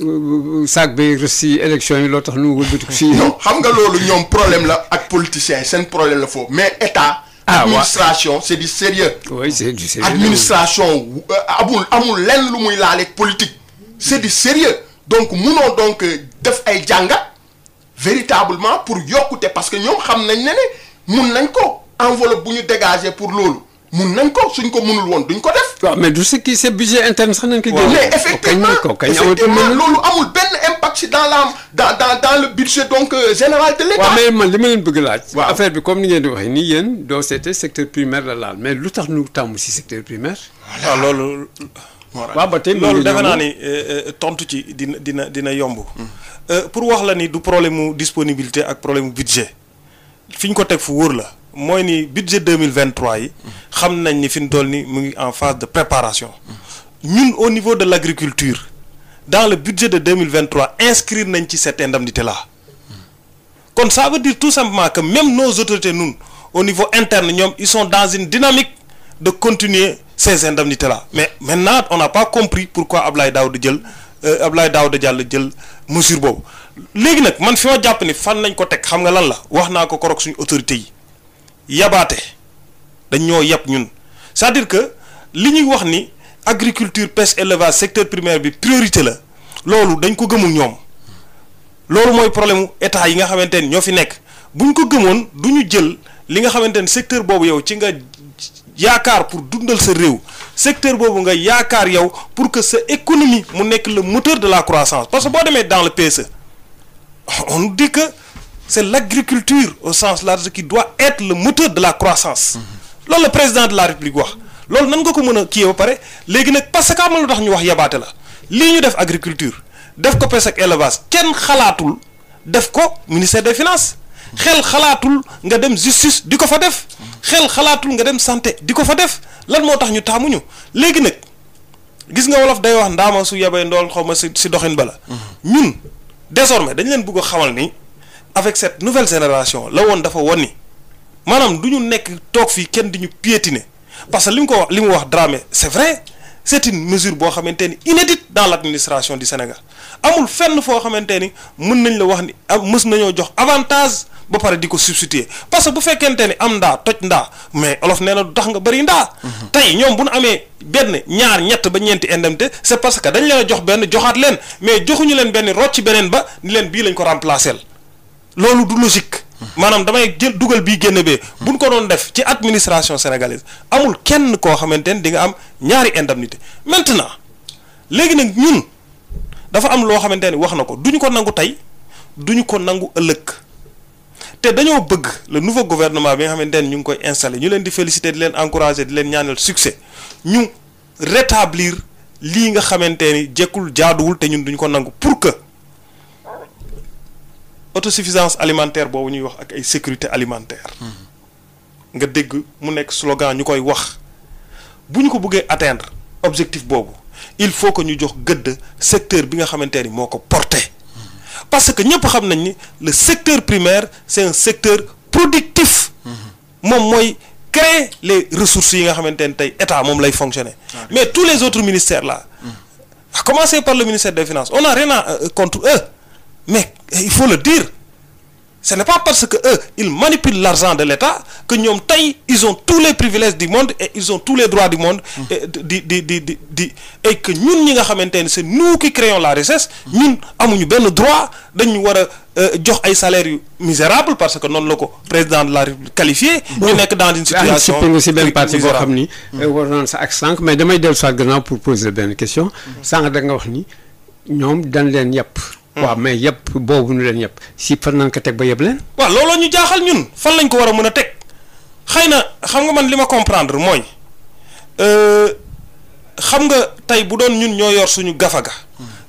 euh, sac bi si élection yi loo tax nu wëlbati ko fii. non xam nga loolu ñoom problème la ak politicien seen problème la foofu mais état. ah administration c'est du sérieux oui c'est du administration euh, amul amul lenn lu muy laaleeg politique c'est donc munoo donc def ay jàngat véritablement pour yokkute parce que ñoom xam nañ ne ne mun nañ ko enveloppe bu ñu dégager pour loolu mun nañ ko suñ ko munul woon duñ ko def. waaw mais du ce qui c'est budget interne sax nañ ko. waaw mais effectivement loolu amul benn impact ci dans la dans dans dans le budget donc euh, général de l'État. waaw mais man li ma leen bëgg laaj. affaire bi comme ni ngeen di waxee nii yéen doo seete secteur primaire la laal mais lu tax ñu tàmm ci secteur primaire. voilà waaw ba tey loolu defe naa ni euh, euh, tontu ci dina dina dina yomb. Euh, pour wax la ni du problème mu disponibilité ak problème mu budget fi ñu ko teg fu wóor la mooy ni budget deux mille vingt yi. xam nañ ni fi ñu toll ni mu ngi en phase de préparation. ñun au niveau de l' agriculture dans le budget de deux mille vingt trois inscrire nañ ci cette indemnité la kon ça veut tout simplement que même nos autorités nun au niveau interne ñoom ils sont dans une dynamique de continuer. ces indemnités là mais maintenant on n'a pas compris pourquoi Ablaye Daouda jël euh, Ablaye Daouda Diallo jël mesure boobu léegi nag man fi ma jàpp ni fan lañ ko teg xam nga lan la wax naa ko korok suñu autorité yi yabaate dañ ñoo yab ñun c'est-à-dire que li ñuy wax ni agriculture pêche élevage secteur primaire bi priorité la loolu dañ ko gëmul ñoom loolu mooy problème état yi nga xamante ni ñoo fi nekk buñ ko gëmoon du ñu jël li nga xamante ni secteur boobu yow ci nga yaakaar pour dundal sa réew secteur boobu nga yaakaar yow pour que sa économie mu nekk la moteur de la croissance parce que boo demee dans le PSE on dit que c'est l'agriculture au sens la qui doit être le moteur de la croissance mm-hmm. loolu la président de la république wax loolu nan nga ko mën a kii ba pare léegi nag parce que am lu tax ñu wax yabaate la lii ñu def agriculture def ko pes e ak élevage kenn xalaatul def ko ministère de finance xel xalaatul nga dem justice di ko fa def xel xalaatul nga dem santé di ko fa def lan moo tax ñu taamuñu léegi nag gis nga wolof day wax ndaama su yebee ndool xaw ma si si doxin ba la ñun désormais dañ leen bëgg a xamal ni avec cette nouvelle génération la woon dafa wan ni maanaam du ñu nekk toog fii kenn di ñu piétiner parce que li mu ko wax li mu wax Dramé c'est vrai c'est une mesure boo xamante ni inédite dans l'administration di Sénégal amul fenn foo xamante ni mën nañ la wax ni ah, mës nañoo jox avantage ba pare di ko substituer parce que bu fekkente ni am ndaa toj ndaa mais olof nee na du tax nga bëri ndaa. Mhm. tey ñoom bu nu amee benn ñaar ñett ba ñeenti indemnité c'est parce que dañ leen a jox benn joxaat leen mais joxuñu leen benn rocc beneen ba ni leen bii lañ ko remplacer loolu du logique. Mhm. maanaam damay jël dugal bii génn bee. Mhm. buñ ko doon def ci administration sénégalaise amul kenn koo xamante ni di nga am ñaari indemnité maintenant léegi nag dafa am loo xamante ni wax na ko duñu ko nangu tey duñu ko nangu ëllëg te dañoo bëgg le nouveau gouvernement bi nga xamante ne ñu ngi koy installé ñu leen di féliciter di leen encourager di leen ñaanal succès ñu rétablir lii nga xamante ni jekkul jaaduwul te ñun duñu ko nangu pour que autosuffisance alimentaire boobu ñuy wax ak ay sécurité alimentaire mm-hmm. nga dégg mu nekk slogan ñu koy wax bu ñu ko buggee atteindre objectif boobu il faut que ñu jox gëdd secteur bi nga xamante ni moo ko porté parce que ñëpp xam nañ ni le secteur primaire c'est un secteur productif moom mooy créer les ressources yi nga xamante ni tey état moom lay fonctionner mais tous les autres ministères là commencer par le ministère des finances on n'a rien euh, contre eux mais il faut le dire ce n'est pas parce que eux ils manipulent l'argent de l'État que ñoom tey ils ont tous les privilèges du monde et ils ont tous les droits du monde et di di di di di et ñun ñi nga xamante ne c'est nous qui créons la richesse ñun amuñu benn droit dañu war a euh, jox ay salaires yu misérable parce que noonu la ko président de la République qualifié ñu nekk dans une situation nga si benn parti boo xam ni mm. euh, sànq mais damay dellu soit gannaaw pour poser benn question mm. sànq da nga wax ni ñoom dañ leen yàpp waaw mais yëpp boobu ñu leen yëpp si fan nañ ko teg ba yëpp leen. waaw looloo ñu jaaxal ñun fan lañ ko war a mën a teg xëy na xam nga man li ma comprendre mooy euh, xam nga tey bu doon ñun ñoo yor suñu gafaga.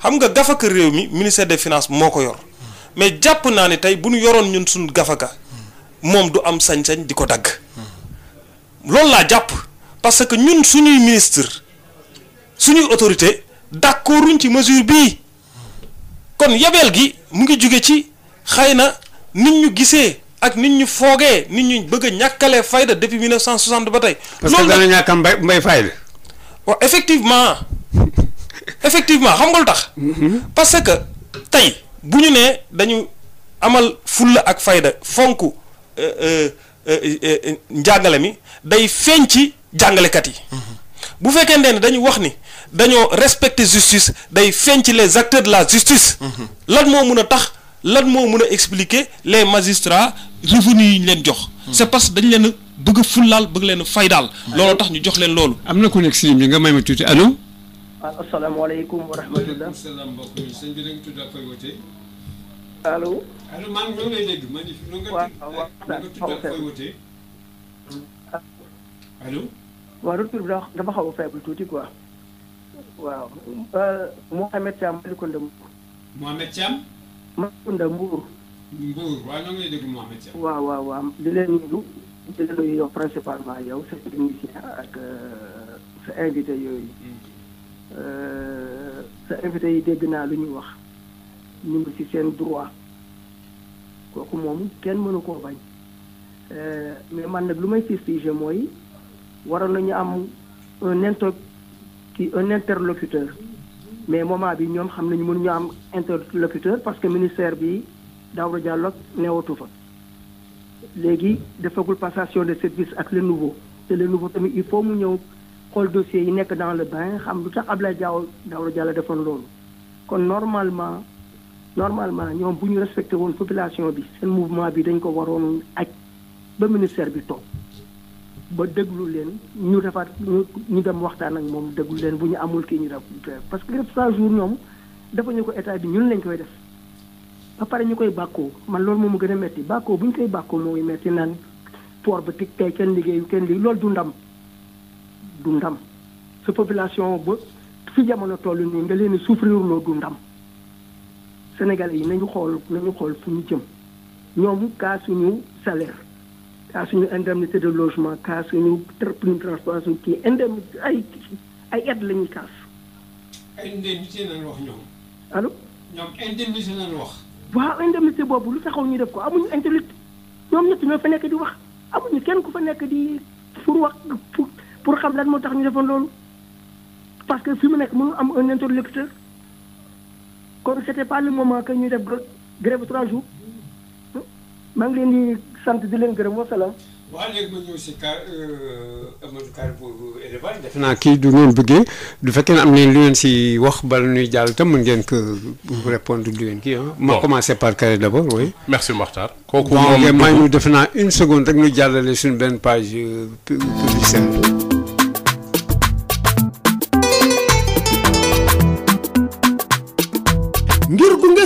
xam nga gafaka réew mi ministère des finance moo ko yor mais jàpp naa ne tey bu ñu yoroon ñun suñu gafaga moom du am sañ-sañ di ko dagg loolu laa jàpp parce que ñun suñuy ministre suñuy autorité d'accorduñ ci mesure bii. kon yabeel gi mu ngi jóge ci xëy na nit ñu gisee ak nit ñu foogee nit ñu bëgg a ñàkkalee fayda depuis 1960 ba tey. loolu dana ñàkk a mbay mbay fayda. waaw effectivement [LAUGHS] effectivement xam nga lu tax. Mm-hmm. parce que tey bu ñu nee dañu amal fulla ak fayda fonk euh, euh, euh, njàngale mi day feeñ ci jàngalekat yi. Mm-hmm. bu fekkee ne dañu wax ni. dañoo respecter justice day feeñ ci les acteurs de la justice. lan moo mën a tax lan moo mën a expliquer les magistrats revenus yi ñu leen jox. c'est parce que dañ leen bëgg a fullaal bëgg leen faydaal. looloo tax ñu jox leen loolu. am na ko nekk si bi nga may ma tuuti allo. waaw ah, asalaamaaleykum wa rahmatulah. allo. allo maa ngi lay dégg man nga. allo. waaw retour bi dafa xaw a faible tuuti quoi. waaw euh, Mouhamed Thiam Malicounda Mbour. Mouhamed Thiam. Mbour. Mbour waaw waaw waaw waaw di leen nuyu di leen nuyu yow principalement yow sa technicien ak euh, sa invité yooyu. Hmm. Euh, sa invité yi dégg naa lu ñuy wax ñu ngi ci seen droit kooku moom kenn mënu koo bañ mais man nag lu may fustigé mooy waroon nañu am un kii un interlocuteur mais moment bi ñoom xam nañu mënuñu am interlocuteur parce que ministère bi Daouda Diallo neewatu fa léegi defagul passation de service ak le nouveau te le nouveau tamit il faut mu ñëw xool dossier yi nekk dans le bain xam lu tax Abdoulaye Diaw Daouda Diallo defoon loolu kon normalement normalement ñoom bu ñu respecté woon population bi seen mouvement bi dañ ko waroon ak ba ministère bi toog ba déglu leen ñu defaat ñu dem waxtaan ak moom déglu leen bu ñu amul kii ñu def parce que def jour jours ñoom dafa ñu ko état bi ñun lañ koy def ba pare ñu koy bàkkoo man loolu moom mu gën a metti bàkkoo bu ñu koy bàkkoo mooy metti naan port ba tey kenn liggéeyu kenn liggéey loolu du ndam du ndam sa population ba fi jamono toll nii nga leen souffrir loo du ndam Sénégalais yi nañu xool nañu xool fu ñu jëm ñoom kaa suñu salaire cas suñu indemnité de logement cas suñu prime transport suñu kii indemnité ay ay aide la ñuy kaas. indemnité nañ wax ñoom. allo. ñoom indemnité nañ wax. waaw indemnité boobu lu taxaw ñu def ko amuñu intellect ñoom ñett ñoo fa nekk di wax amuñu kenn ku fa nekk di pour wax pour pour xam lan moo tax ñu defoon loolu parce que fi mu nekk mun am un interlocuteur kon c'était pas le moment que ñuy def grève trois jours hm? maa ngi leen di. sant di leen gërëm wasalaam. Euh, naa kii du ngeen bëggee du fekkee ne am ni lu ngeen si wax bala ñuy jàll itam mën ngeen ko répondre du ngeen kii ah. ma commencé par Carré d' abord oui. merci kooku moom may ñu def naa une seconde rek ñu jàllale suñu benn page euh, publicitaire.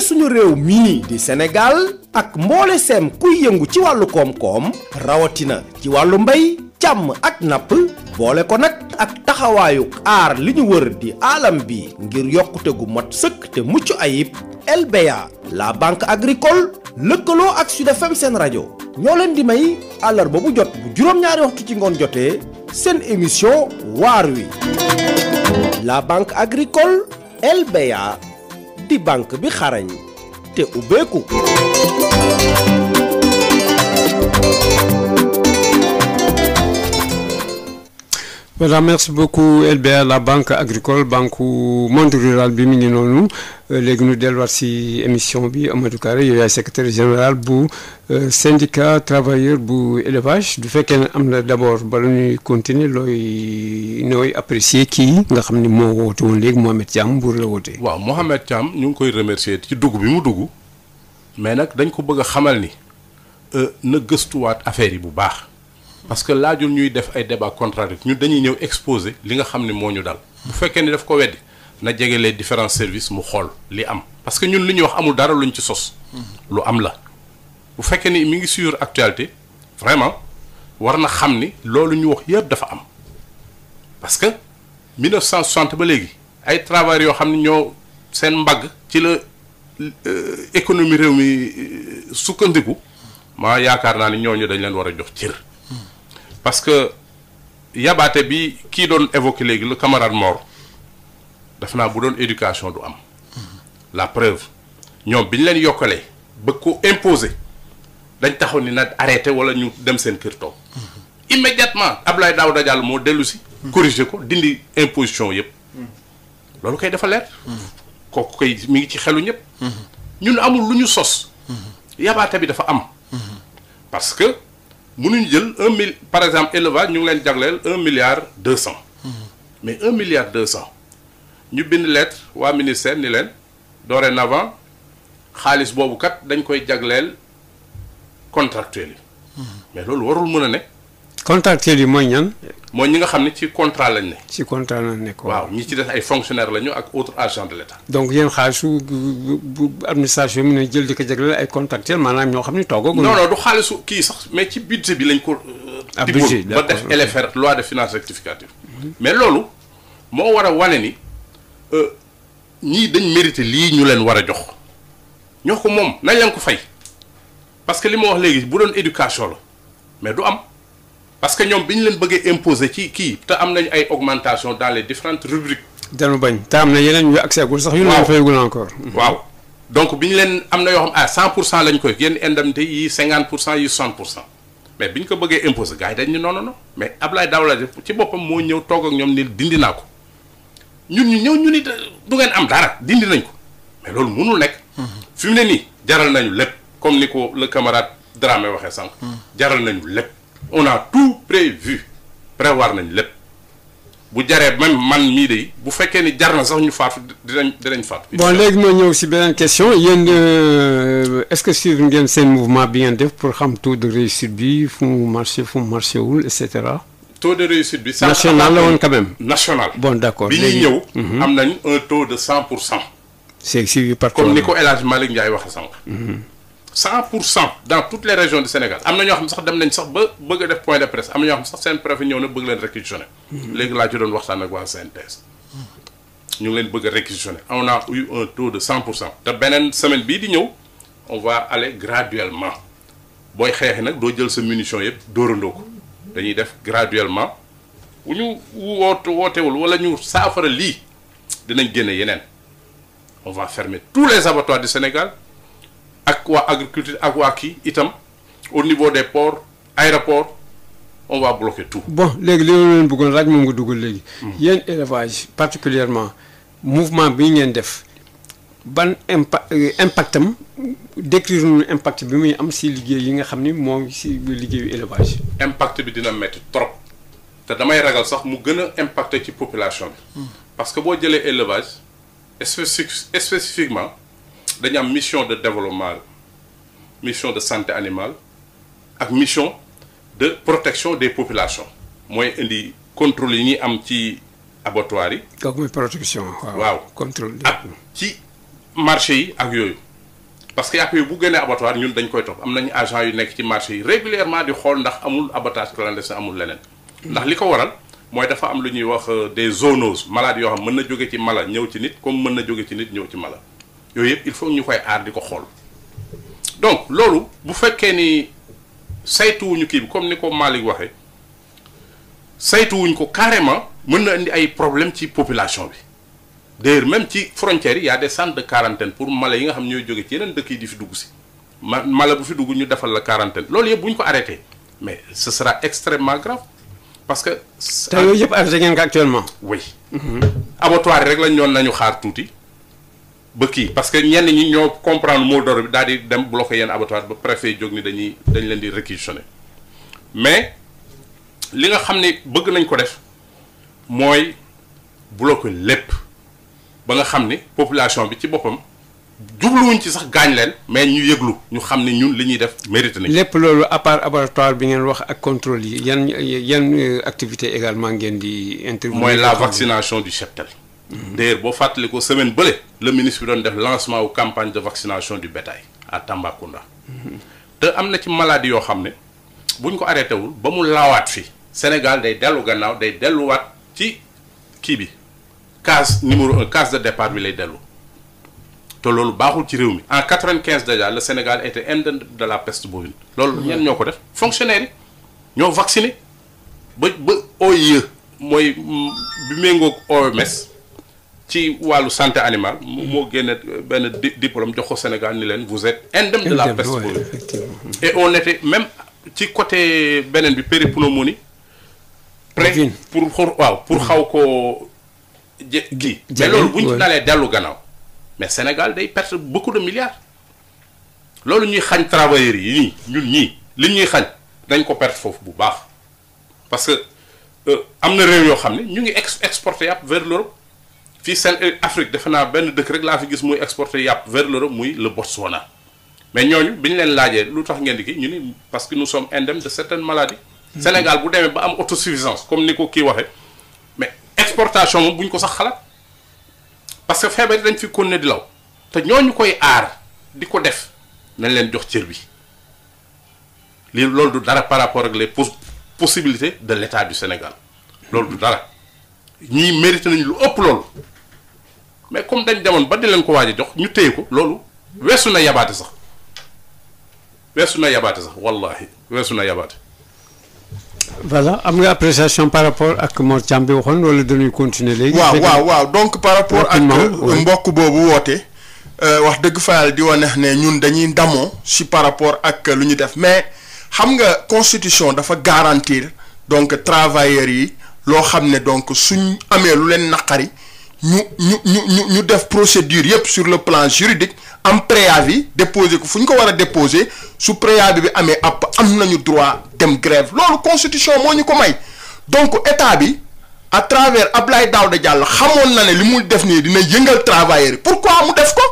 suñu réew mii di senegal ak mboole seem kuy yëngu ci wàllu koom-koom rawatina ci wàllu mbay càmm ak napp boole ko nag ak taxawaayu aar li ñu wër di alam bi ngir yokkute gu mat sëkk te mucc ayib LBA la banque agricole lëkkaloo ak Sud FM seen rajo ñoo leen di may àllarba bu jot bu juróom-ñaari waxtu ci ngoon jotee seen émission waar wi la banque agricole LBA di banque bi xarañ te ubbeeku voilà merci beaucoup LBA la banque agricole banque monde rural bi mu ngi noonu euh, léegi ñu delluwaat si émission bi Amadou Karé yow yaay général bu euh, syndicat travailleur bu élevage du fekkee ne am na d' abord bala ñuy continuer looy nooy apprécier kii nga xam ni moo woote woon léegi Mohamed Thiam Mbour la wootee. waaw Mohamed Thiam ñu ngi koy remercier ci dugg bi mu dugg mais nag dañ ko bëgg a xamal ni euh, na gëstuwaat affaire yi bu baax. parce que laajul ñuy def ay débat contradictoire ñun dañuy ñëw exposé li nga xam ne moo ñu dal bu fekkee ni daf ko weddi na jege lee différent service mu xool li am parce que ñun li ñuy wax amul dara luñ ci sos lu am la bu fekkee ni mi ngi suur actualité vraiment war na xam ni loolu ñu wax yëpp dafa am parce que 1960 ba léegi ay travailleurs yoo xam ne ñoo seen mbagg ci la euh, économie réew mi euh, sukkandiku ma yaakaar naa ni ñu dañ leen war a jox cër parce que yabaate bi kii doon évoqué léegi le camarade Mor daf naa bu doon éducation du am la preuve ñoom bi ñu leen yokkalee bëgg ko imposer dañ taxaw ni na arrêté wala ñu dem seen kër toog immédiatement Abdoulaye Daouda Diallo moo dellusi si corrigé ko dindi imposition yëpp loolu koy dafa leer kooku koy mi ngi ci xelu ñëpp ñun amul lu ñu sos yabaate bi dafa am parce que mënuñu jël un mille par exemple élévage ñu ngi leen jagleel un milliard deux cent. mais un milliard deux cent ñu bind lettre waa ministère ni leen dorénavant xaalis boobu kat dañ koy jagleel contractuels yi. Hmm. mais loolu warul mën a ne. contractuels yi mooy ñan. mooy ñi nga xam ne ci contrat lañ ne. ci contrat lañ nekk waaw ñi ci des ay fonctionnaires lañu ak autres agents de l' état. donc yéen xaalisu bu administration bi ñu jël di ko jagleel ay contractuels maanaam ñoo xam ne toogagul. non non du xaalisu kii sax mais ci budget bi lañ ko. Euh, ab ah, budget ba def LFR loi de finances rectificative. mais loolu moo war a wane ni euh, ñii dañ mérité lii ñu leen war a jox ñoo ko moom nañ leen ko fay parce que li ma wax léegi bu doon éducation la mais du am. parce que ñoom bi ñu leen bëggee imposer ci kii te am nañu ay augmentation dans les différentes rubriques. dañu bañ te am na yeneen yu accès gul sax. yu ñu leen fayagul encore. waaw donc bi ñu leen am na yoo xam ah 100 pour cent lañ koy génn indemnité yi 50 pour cent yi 60 pour cent mais bi ñu ko bëggee imposer gars yi dañ ñu non non non mais Ablaye Daouda ci boppam moo ñëw toog ak ñoom ni dindi naa ko ñun ñu ñëw ñu ni du ngeen am dara dindi nañ ko loolu mënul nekk. Mhm. fi mu ne nii jaral nañu lépp comme ni ko le camarade Dramé waxee sànq. Mhm. jaral nañu lépp. on a tout prévu prévoir nañ lépp bu jaree même man mii de bu fekkee ni jar na sax ñu faatu dinañ dinañ faatu. bon léegi ma ñëw si beneen question yéen euh, est-ce que suivre ngeen seen mouvement bi ngeen def pour xam taux de réussite bi fu marché fu mu marché wul et cetera. taux de réussite bi. national la woon quand même. national bon d'accord bi ñuy ñëw. Mhm. am nañ un taux de cent pour cent. c'est suivi par comme ni ko El Hadj Malick Ndiaye waxee sànq. Mhm. cent pour cent dans toutes les régions du Sénégal am na ñoo xam sax dem nañ sax ba bëgg a def point de presse am na ñoo xam sax seen préfet ñëw na bëgg leen réquisitionné hmm. léegi laa ci doon waxtaan ak waa CNTS hmm. ñu ngi leen bëgg a réquisitionné on a eu un taux de cent pour cent te beneen semaine bii di ñëw on va aller graduellement booy xeexi nag doo jël sa munition yëpp dóorandoo ko dañuy def graduellement bu ñu woote wootewul wala ñu saafara lii dinañ génne yeneen on va fermer tous les abattoirs du Sénégal ak waa agriculture ak waa kii itam au niveau des ports aéroports on va bloquer tout. bon léegi li ma leen bëggoon laaj moom nga dugal léegi. yéen élevage particulièrement mouvement bi ngeen def ban euh, impact impactam décrire nu impact bi muy am si liggéey yi nga xam ni moom si liggéeyu élevage. impact bi dina metti trop te damay ragal sax mu gën a impacter ci population bi. Hmm. parce que boo jëlee élevage spécifiquement. dañu am mission de développement mission de santé animale ak mission de protection des populations mooy indi contrôle yi ñuy am ci abattoir yi. kooku mooy protection. waaw contrôle ak ci marché yi ak yooyu. parce que yàpp yi bu génnee abattoir ñun dañ koy topp am nañu agent yu nekk ci marché yi régulièrement di xool ndax amul abattage clandestin amul leneen. ndax li ko waral mooy dafa am lu ñuy wax euh, des zoonoses maladies yoo xam mën na jóge ci mala ñëw ci nit comme mën na jóge ci nit ñëw ci mala. yooyu yëpp il faut ñu koy aar di ko xool donc loolu bu fekkee ni saytuwuñu kii bi comme ni ko Malick waxee saytuwuñ ko carrément mën na indi ay problème ci population bi d'ailleurs même ci frontières yi y a des de quarantaine pour mala yi nga xam ñooy jóge ci yeneen dëkk yi di fi dugg si ma mala bu fi dugg ñu defal la quarantaine loolu yëpp bu ko arrêté mais ce sera extrêmement grave parce que. te yooyu yëpp arrêté ngeen ko actuellement. oui. rek lañ ñoon nañu xaar tuuti. ba kii parce que ñenn ñi ñoo comprendre moo d'ordre bi daal di dem bloqué yenn abattoir ba préfet jóg ni dañuy dañ leen di réquisitionner mais li nga xam ne bëgg nañ ko def mooy bloqué lépp ba nga xam ni population bi ci boppam jubluwuñ ci sax gaañ leen mais ñu yëglu ñu xam ne ñu li ñuy def mérité nañ lépp loolu à part abattoir bi ngeen wax ak contrôle yi yan yan euh, activité également ngeen di intervenir mooy la vaccination du cheptel d'ailleurs boo fàttali ko semaine bële le ministre bi doon def lancement wu campagne de vaccination du bétail à Tambacounda. te am na ci maladie yoo xam ne buñ ko arrêté wul ba mu laawaat fii Sénégal day dellu gannaaw day delluwaat ci kii bi case numéro un case de départ bi lay dellu te loolu baaxul ci réew mi. en quatre vingt quinze déjà le Sénégal était indemne de la peste bovine. loolu ñenn ñoo ko def fonctionnaire ñoo vacciné ba ba OIE mooy mm, bi méngoog OMS. ci wàllu santé animal moo génne benn diplôme jox ko Sénégal ni leen vous êtes. indemne de la peste boobu et on était même ci côté beneen bi péripneumonie. pré pour waaw pour xaw ko ji mais loolu bu ñu dalee dellu gannaaw. mais Sénégal day perte beaucoup de milliards. loolu ñuy xañ travailleurs yi ñun ñii li ñuy xañ dañ ko perte foofu bu baax parce que euh, am na réew yoo xam ne ñu ngi ex exporté yàpp vers l'Europe fii seen eh, Afrique defe naa benn dëkk rek laa fi gis muy exporté yàpp vers l'Europe muy le Botswana mais ñooñu bi ñu leen laajee lu tax ngeen di kii ñu ni parce que nous sommes indemnes de certaines maladies. Hmm. Sénégal bu demee ba am autosuffisance comme ni ko kii waxee mais exportation bu ñu ko sax xalaat parce que feebar dañ fi ne di law te ñoo ñu koy aar di ko def nañ leen jox cër bi lii loolu du dara par rapport ak les possibilités de l'État du Sénégal loolu dara ñii mérité nañ lu ëpp loolu. mais comme dañ demoon ba di leen ko waaj a jox ñu téye ko loolu weesu na yabaate sax weesu na yabaate sax wallahi weesu na yabaate. voilà am nga appréciation par rapport ak Mor Thiam bi waxoon wala dañuy continuer léegi. waaw waaw waaw donc par rapport ak euh, mbokk boobu woote. Euh, wax dëgg fa di wane ne ñun dañuy ndamoo si par rapport ak lu ñu def mais xam nga constitution dafa garantir donc travailleurs yi loo xam ne donc suñ amee lu leen naqari. ñu ñu ñu ñu ñu def procédure yépp sur le plan juridique am préavis déposé ko fu ñu ko war a déposé su préavis bi amee ab am nañu droit dem grève loolu constitution moo ñu ko may donc état bi à travers Abdoulaye Daouda Diallo xamoon na ne li muy def nii dina yëngal travailleurs yi pourquoi mu def ko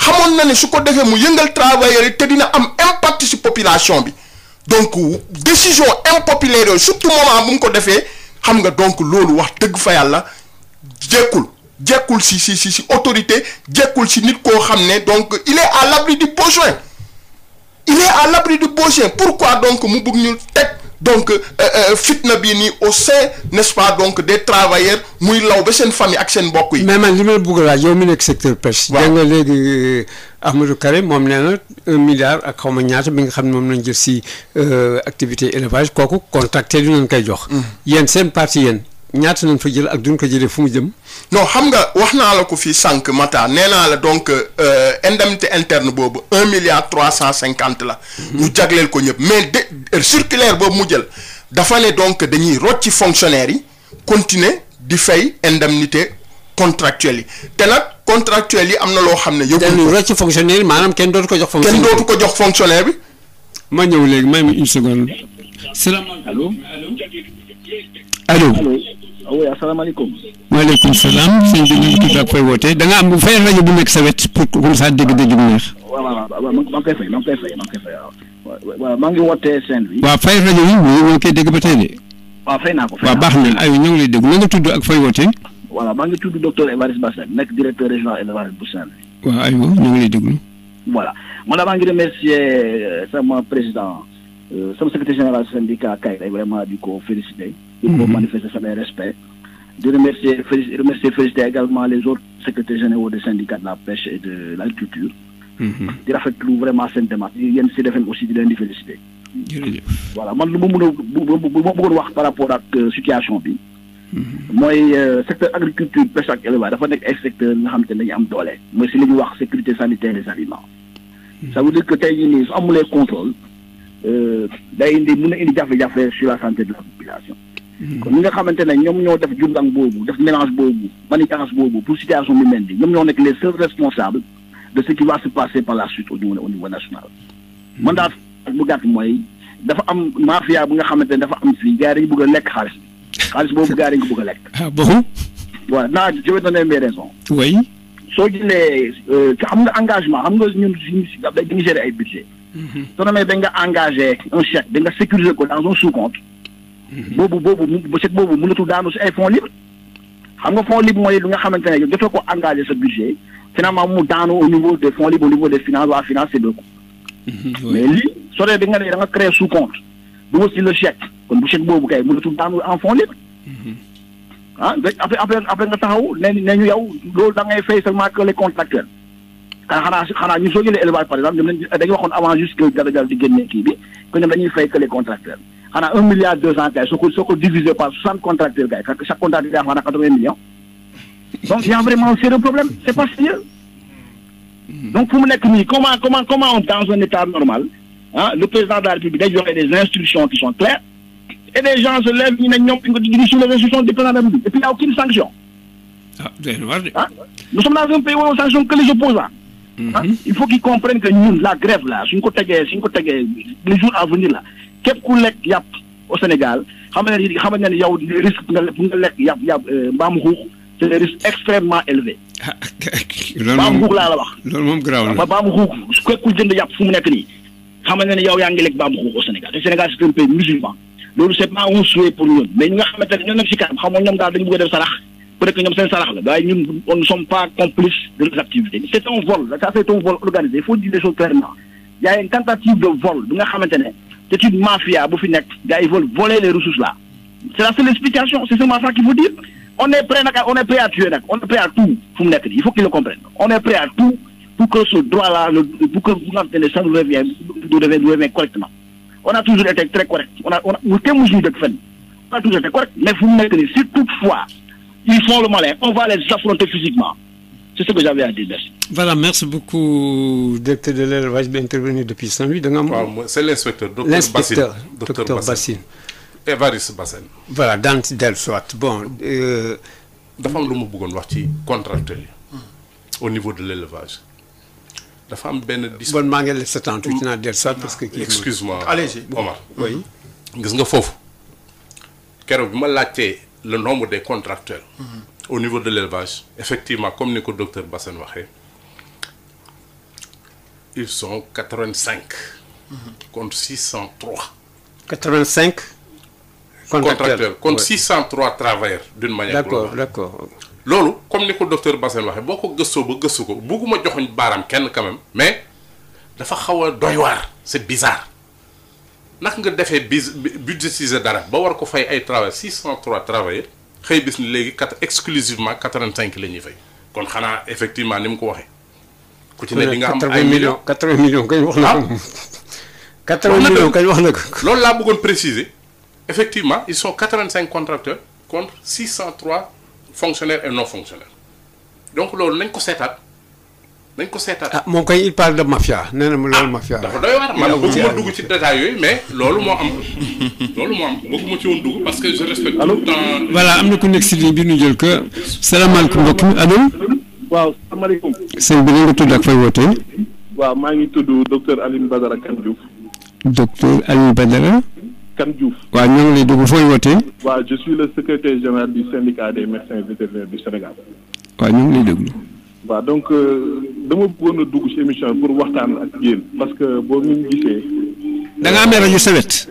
xamoon na ne su ko defee mu yëngal travailleurs yi te dina am impact si population bi donc décision impopulaire yooyu surtout moment bu mu ko defee xam nga donc loolu wax dëgg fa yàlla. jekkul jekkul si si si autorité jekkul si nit koo xam ne donc il est à l'abri du besoin il est à l'abri du besoin pourquoi donc mu bëgg ñu teg donc euh, euh, fitna bii nii au sein n'est-ce pas donc des travailleurs muy law ba seen famille ak seen mbokk yi. mais man li ma bëgg laaj yow mi nekk secteur pêche. waaw nga léegi euh, Ahmadou Karim moom nee na un milliard ak xaw ma ñaata bi nga xam ne moom lañ jël si activité élevage kooku contracté li leen koy jox. Mm. yéen seen parti yéen. ñaata nañ fa jël ak duñ ko jëlee fu mu jëm. non xam nga wax naa la ko fii sànq Mata nee naa la donc euh, indemnité interne boobu un milliard trois cent cinquante la. Mhm. ñu jagleel ko ñëpp mais de euh, circulaire boobu mu jël dafa ne donc dañuy rocc ci fonctionnaire yi continuer di fay indemnité contractuelle yi te nag contractuelle yi am na loo xam ne. yóbbu dañuy rocc ci fonctionnaire yi maanaam kenn dootu ko jox. fonctionnaire kenn dootu ko jox fonctionnaire bi. ma ñëw léegi may ma une seconde. salaamaaleykum Ah oui asalaamaaleykum. maaleykum salaam sëñ bi ñu tudd ak fay wootee danga am bu fay rajo bu nekk sa wet pour comme ça dégg-dégg bu neex. waaw waaw waaw maa ngi koy fay maa ngi koy fay maa ngi koy fay waaw waaw maa ngi de. waaw naa ko fay waaw baax na ay ñoo ngi lay dégg na nga tudd ak fay wootee. voilà maa ngi tudd docteur Évariste Bassène nekk directeur régional élevage bu Saint-Louis. waaw aywa ñoo ngi lay déglu. voilà man maa ngi remercier euh, sama président. Euh, sama secrétaire général syndicat kay day vraiment di ko féliciter. di ko mhm. manifester samay respect di remercier féli remercier féliciter également les autres secrétaires généraux des de la pêche et de l'agriculture. Mhm. di rafetlu vraiment seen démarche yéen si defen aussi di leen di féliciter. jërëjëf voilà man lu ma mën a bu bu ma bëggoon wax par rapport ak euh, situation bi. Mhm. mooy euh, secteur agriculture pêche ak élevage dafa nekk ay secteur nga xam te ne dañu am doole. mooy si li ñuy wax sécurité sanitaire des aliments. ça veut dire que tey jii nii su Euh, day indi mun na indi jafe-jafe sur la santé de la population. Mhm. kon ñi nga xamante ne ñoom ñoo def jungang boobu def mélange boobu manigance boobu pour situation bi mel ni ñoom ñoo nekk les seuls responsables de ce qui va se passer par la suite au niveau au niveau national. Mhm. gàtt mooy dafa am mafia bu nga xamante ne dafa am si gars yi bëgg a lekk xaalis xaalis boobu gars yi dañu ko bëgg a lekk. ah bon. voilà naa je vais donner mes raisons. oui. soo jëlee euh, nga engagement xam nga ñun suñu si dañuy ay budget soo demee da nga engagé un chèque da nga sécuriser ko dans un sous-compte. boobu boobu mu chèque boobu mënatul daanu si ay fonds libres. xam nga fonds libres mooy lu nga xamante ne jotoo ko engagé sa budget finalement mu daanu au niveau des fonds libres au niveau des finances waa finance c'est beaucoup. Mm-hmm. mais lii soo demee da nga ne da nga créé sous-compte dugal si le chèque kon bu chèque boobu kay mënatul daanu en fonds libres. Mm-hmm. ah après après après nga taxaw ne ne ñu yow loolu da ngay fay seulement que les contractuels. Ah, xanaa xanaa ñu soo jëlee élevage par exemple ñoom dañuy dañuy waxoon avant juste que Gada Diallo di génne kii bi que ñoom dañuy fay que les contracteurs xanaa un milliard deux cent gars soo ko soo ko divisé par soixante contracteurs gars yi chaque contracteur daa xanaa quatre vingt millions donc y' a vraiment un sérieux problème c' est pas sérieux donc fu mu nekk nii comment comment comment on dans un état normal ah le président de la République day joxe des instructions qui se lèvent ñu ne ñoom ñu ngi sur les instructions du président de la Ah, mhm. il faut qu'ils comprennent que ñun la grève là suñ ko tegee suñ ko tegee les jours à venir là képp ku lekk yàpp au Sénégal xam nga ne xam nga ne yow risque nga pour nga lekk yàpp yàpp euh, mbaamu xuux c'est des risques extrêmement élevés. Ah, [LAUGHS] mbaamu xuux laa la wax. loolu moom garaaw la mbaamu xuux képp ku jënd yàpp fu mu nekk nii xam nga ne yow yaa ngi lekk mbaamu xuux au Sénégal te Sénégal c'est un musulman loolu c'est pas un souhait pour ñun mais ñi nga xamante ne ñoo nekk si kanam xam ñoom daal dañu bëgg a def peut-être que ñoom seen sarax la waaye on ne sommes pas complices de nos activités c'est un vol ça c'est un vol organisé il faut dire les choses clairement y a une tentative de vol bi nga xamante ne c'est une mafia bu fi nekk gars yi veulent voler les ressources là c'est la seule explication c'est seulement ça qu'il faut dire on est prêt nag on est prêt à tuer nag on est prêt à tout fu mu il faut qu'ils le comprennent on est prêt à toujours été très ils font le malin. On va les affronter physiquement. C'est ce que j'avais à dire. Merci. beaucoup, directeur de l'élevage, d'intervenir depuis Saint-Louis. C'est l'inspecteur, docteur docteur Bassine. Évariste Bassène. voilà daan ci dellu soit bon. Euh, dafa am lu ma bëggoon wax ci contracteurs yi. au niveau de l' élevage. dafa am benn. bon maa ngi lay seetaan tuuti naa dellu soit parce que. excuse-moi Omar. oui. gis nga foofu kero bi ma laajtee le nombre des contracteurs. Mmh. au niveau de l'élevage effectivement comme ni ko docteur Bassène waxee ils sont quatre vingt cinq. contre six cent trois. cinq. contracteurs contre six cent trois travailleurs d'une manière. d'accord loolu comme ni ko docteur Bassène waxee boo ko gëstoo ba gëstu ko bugguma joxuñ baaraam kenn quand mais dafa xaw a doy waar c'est bizarre. naka nga defee bis budgétiser dara ba war ko fay ay travail 603 travailleurs xëy bis ni léegi kat exclusivement 85 la ñuy fay kon xanaa effectivement ni mu ko waxee. ku ci ne di nga am ay millions 80 millions kañ na ko. 80 millions kañ wax na loolu laa bëggoon préciser effectivement ils sont 85 contracteurs contre 603 fonctionnaires et non fonctionnaires donc loolu nañ ko seetaat. nañ ko seetaat. ah moom kay il parle de mafia nee na ma loolu ah, mafia dafa doy waar man bëgguma dugg ci détails yooyu mais loolu moo am [LAUGHS] loolu moo am bëgguma ci woon dugg parce que je respecte tout am na ku nekk si ligne bi ñu jël ko salaamaaleykum mbokk mi allo. waaw salaamaaleykum. sëñ bi nga tudd waaw maa ngi tudd docteur Alioune Badara Kane Diouf. docteur Alioune Badara. Kane Diouf. waaw ñoo ngi lay dugg fooy wootee. waaw je suis le secrétaire général du syndicat des médecins vétérinaires du Sénégal. waaw ñoo ngi lay déglu. waaw donc euh, dama bëggoon a dugg ci émission pour waxtaan ak yéen parce que boo mu gisee. da nga amee rajo sawet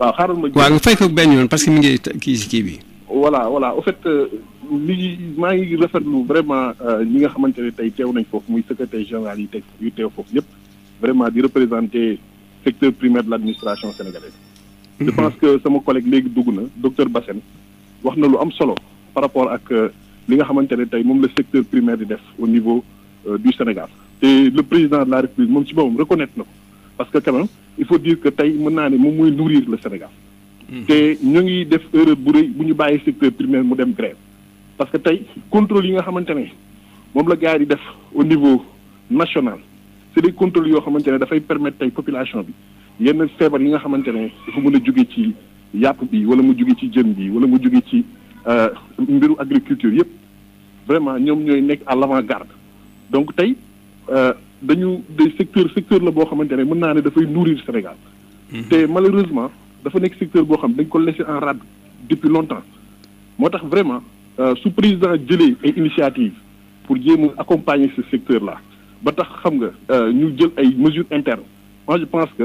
waaw xaaral ma. waaw fay ko benn yoon parce que mi ngi kii kii bi. voilà voilà au fait euh, li maa ngi rafetlu vraiment euh, ñi nga xamante ne tey teew nañ foofu muy secrétaire général yi teg yu teew foofu yëpp vraiment di représenter secteur primaire de l' administration sénégalaise. je mhm. pense que sama collègue léegi dugg na docteur Bassène wax na lu am solo par rapport ak. li nga xamante ne tey moom la secteur primaire di def au niveau euh, du Sénégal te le président de la République moom ci boppam reconnaître na ko parce que quand il faut dire que tey mën naa ne moom mooy nourrir le Sénégal mm-hmm. te ñu ngi def erreur bu rëy bu ñu bàyyi secteur primaire mu dem grève parce que tey contrôle yi nga xamante ne moom la gars yi di def au niveau national c'est des contrôles yoo xamante ne dafay permettre tey population bi yenn feebar yi nga xamante ne mën a ci yàpp bi wala mu jóge ci jën bi wala mu jóge ci Euh, mbiru agriculture yëpp vraiment ñoom ñooy nekk à l'avant-garde donc tey euh, dañu day secteur secteur la boo xamante ne mën naa ne dafay nourrir Sénégal. Mhm. te malheureusement dafa nekk secteur boo xam dañ ko laissé en rade depuis longtemps moo tax vraiment euh, su président jëlee ay initiative pour jéem accompagner ce secteur la ba tax xam nga ñu jël ay mesures internes moi je pense que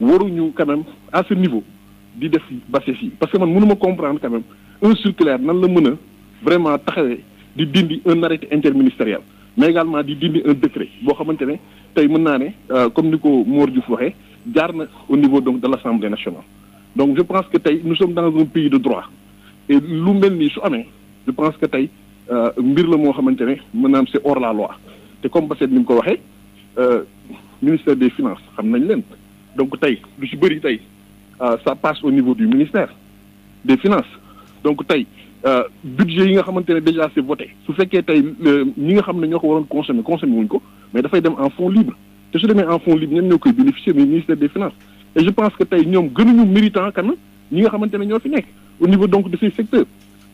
waruñu quand même à ce niveau di def bassesse yi parce que man mënuma comprendre quand même. un circulaire nan la mën a vraiment taxawee di dindi un arrêté interministériel mais également di dindi un décret boo xamante ne tey mën naa ne euh, comme ni ko Mor Diouf waxee jaar na au niveau donc de l' assemblée nationale. donc je pense que tey nous sommes dans un pays de droit et lu mel nii su amee je pense que tey euh, mbir la moo xamante ne maanaam c' est or la loi te comme Bassène ni mu ko waxee euh, ministère des finances xam nañ leen donc tey lu si bëri tey sa passe au niveau du ministère des finances. donc tey euh, budget yi nga xamante ne déjà c'est voté su fekkee tey euh, ñi nga xam ne ñoo ko waroon consommer consommer wuñ ko mais dafay dem en fonds libre te su demee en fonds libre ñoom ñoo koy bénéficier muy ministère des finances et je pense que tey ñoom gënuñu méritant quand même ñi nga xamante ne ñoo fi nekk au niveau donc de ces secteurs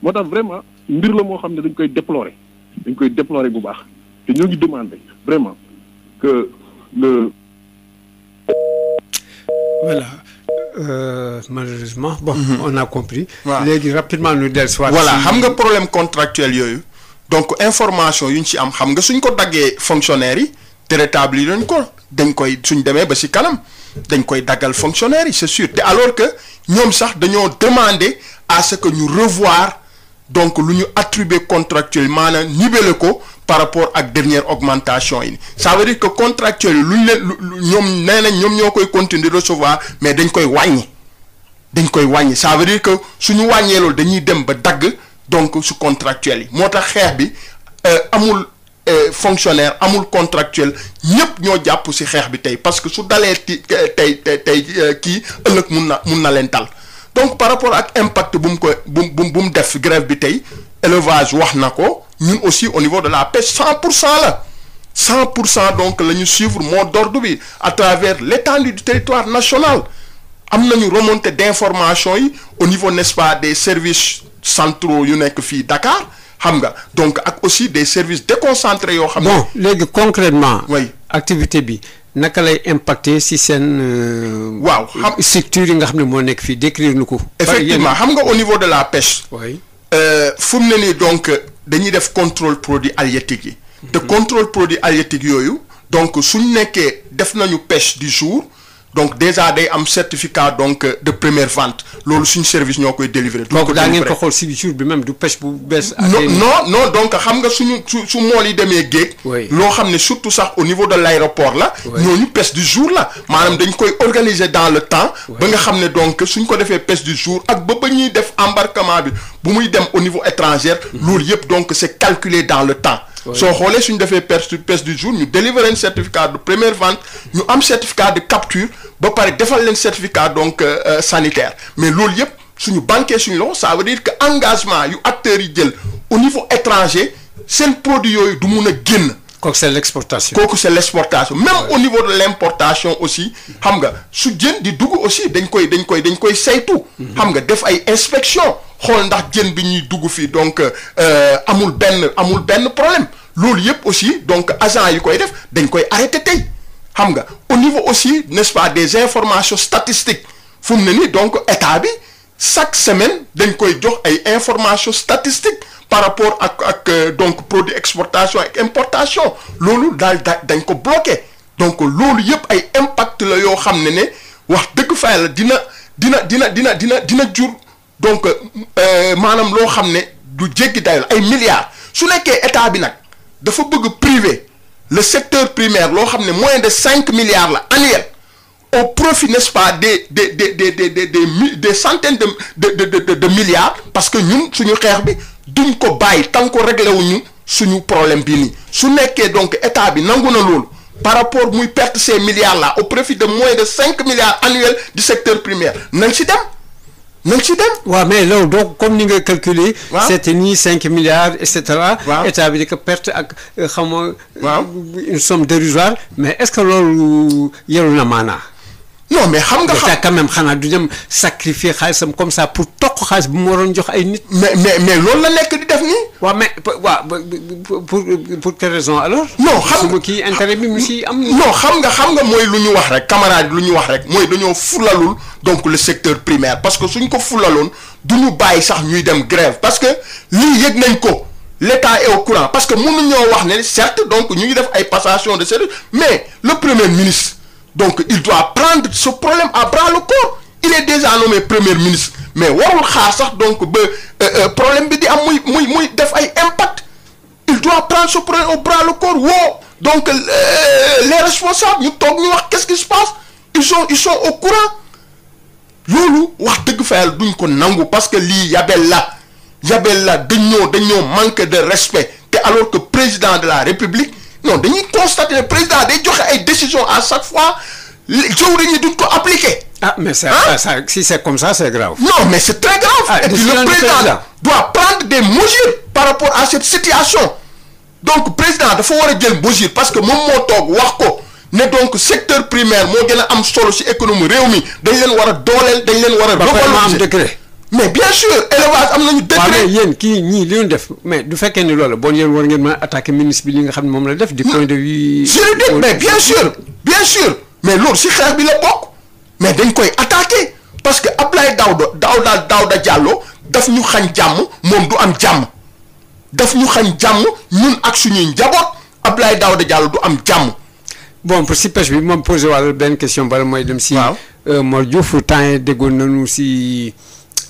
moo tax vraiment mbir la moo xam ne dañ koy déplorer dañ koy déplorer bu baax te ñoo ngi demander vraiment que le voilà Euh, malheureusement bon mm -hmm. on a compris. waaw léegi rapidement ñu dellusiwaat. voilà xam nga problème contractuel yooyu. donc information yu ñu si am xam nga suñ ko daggee fonctionnaire yi te yi nañ ko dañ koy suñ demee ba ci kanam dañ koy daggal fonctionnaire yi c'est sûr te alors que ñoom sax dañoo demander à ce que ñu revoir donc lu ñu attribuer contractuel maanaam niveler ko par rapport ak dernière augmentation yi ça veut dire que contractuels yi lu ñu leen ñoom nee nañ ñoom ñoo koy continuer de recevoir mais dañ koy wàññi dañ koy wàññi ça veut dire que suñu wàññee loolu dañuy dem ba dagg donc su contractuels yi moo tax xeex bi euh, amul euh, fonctionnaire amul contractuel ñépp ñoo jàpp ci xeex bi tey parce que su dalee ti euh, tey tey kii ëllëg mun na mun na leen dal donc par rapport ak impact bu mu ko bu bu mu def grève bi tey élevage wax na ko ñun aussi au niveau de la pêche cent pour cent la cent pour cent donc la ñu suivre mot d'ordre bi à travers l'étendue du territoire national am na nañu remontée d'information yi au niveau nes ce pas des services centraux yu nekk fii Dakar xam nga donc ak aussi des services déconcentrés yoo xam ne léegi concrètement oui activité bi naka lay impacte si seen euh, waaw xam structure yi nga xam ne moo nekk fii décrire nu ko effectivement xam nga au niveau de la pêche oui euh, fu donc dañuy def contrôle produit halieutique yi. te contrôle produit halieutique yooyu. donc suñ nekkee def nañu pêche du jour donc déjà day am certificat donc euh, de première vente loolu suñ service ñoo koy délivrer. donc daa ngeen ko xool si jour bi même du pêche bu bees. non non donc xam nga suñu su su mool yi demee géej. loo xam ne surtout sax au niveau de l' aéroport la. ñu pêche du jour la maanaam dañ koy organiser dans le temps. ba nga xam ne donc suñ ko defee pêche du jour ak ba ba ñuy def bi. bu muy dem au niveau étranger. Mhm. loolu yëpp donc c' est dans le temps. soo xoolee suñu defee pêche du jour ñu délivrer leen certificat de première vente ñu am certificat de capture ba pare defal leen certificat donc euh, euh, sanitaire mais loolu yëpp suñu banqué suñu loxo ça veut dire que engagement yu acteurs yi jël au niveau étranger seen produit yooyu du mun a génn. kooku c'est l'exportation kooku c'est l'exportation même au niveau de l'importation aussi xam nga su jën di dugg aussi dañ koy dañ koy dañ koy saytu. Mhm. xam nga def ay inspection xool ndax jën bi ñuy dugg fii donc euh, amul benn amul benn problème loolu yëpp aussi donc agent yi koy def dañ koy arrêté tey xam nga au niveau aussi nest pas des informations statistiques fu ne ni donc état bi chaque semaine dañ koy jox ay informations statistiques par rapport ak ak euh, donc produit exportation ak importation loolu daal da dañ ko bloqué donc loolu yëpp ay impact la yoo xam ne ne wax dëgg fa la dina dina dina dina dina dina jur donc euh, euh, maanaam loo xam ne du jéggi dayo ay milliards su nekkee état bi nag dafa bëgg privé le secteur primaire loo xam ne moins de cinq milliards la annuel au profit n'est-ce pas des des des des des des des centaines de de de de milliards parce que ñun suñu xeex bi duñ ko bàyyi tant ko réglé wuñu suñu problème bi nii su nekkee donc état bi nangu na loolu par rapport muy perte ces milliards là au profit de moins de cinq milliards annuels du secteur primaire nañ si dem. nañ ci mais loolu donc comme ni nga calculer c'était nii cinq milliards et cetera état bi di ko perte ak euh, xam nga euh, une somme dérisoire mais est-ce que loolu yelu na maanaa non mais xam nga xam quand xanaa du dem sacrifier xaalisam comme ça pour toq xaalis bu mu waroon jox ay nit. mais mais mais loolu la nekk di def nii. waaw mais waaw pour pour quelle raison alors. non xam nga kii intérêt bi si am. non xam nga xam nga mooy lu ñu wax rek camarade lu ñu wax rek mooy dañoo fulalul donc le secteur primaire parce que suñ ko fulaloon du ñu bàyyi sax ñuy dem grève parce que lii yëg nañ ko l' état est au courant parce que mënuñoo wax ne certes donc ñu ngi def ay passation de service mais le premier ministre. donc il doit prendre ce problème à bras le corps il est déjà nommé premier ministre mais warul xaar sax donc ba euh, euh, problème bi di am muy muy muy def ay impact il doit prendre ce problème au bras le corps woo donc euh, les responsables ñu toog ñu wax qu'est-ce qui se passe ils sont ils au courant loolu wax dëgg fa yàlla duñ ko nangu parce que lii yabel la yabel la dañ ñoo dañ ñoo manque de respect te alors que président de la république non dañuy constater président day joxe ay décision à chaque fois jëwriñ yi duñ ko appliquer. ah mais ça, ça, ça si c'est comme ça c'est grave. non mais c'est très grave. Ah, et le président doit prendre des mesures par rapport à cette situation donc président dafa war a jël mesure parce que moom moo toog wax ko ne donc secteur primaire moo gën a am solo ci économie réew mi dañ leen war a dooleel dañ leen war a. revaloriser ba am décret. mais bien sûr élevage am nañu. décret waaw mais kii ñii li ñu def mais du fekkee ni loolu bon yéen war ngeen mën a attaquer ministre bi li nga xam ne moom la def. du point de vue juridique mais bien sûr bien sûr mais loolu si xeex bi la bokk mais dañ koy attaquer parce que Abdoulaye Daouda Daouda Daouda Diallo daf ñu xañ jàmm moom du am jàmm daf ñu xañ jàmm ñun ak suñuy njaboot Abdoulaye da Diallo du am jàmm. bon pour si pêche bi moom posé wàllu benn question bala mooy dem si. waaw euh, Mor Diouf temps yii déggoon si.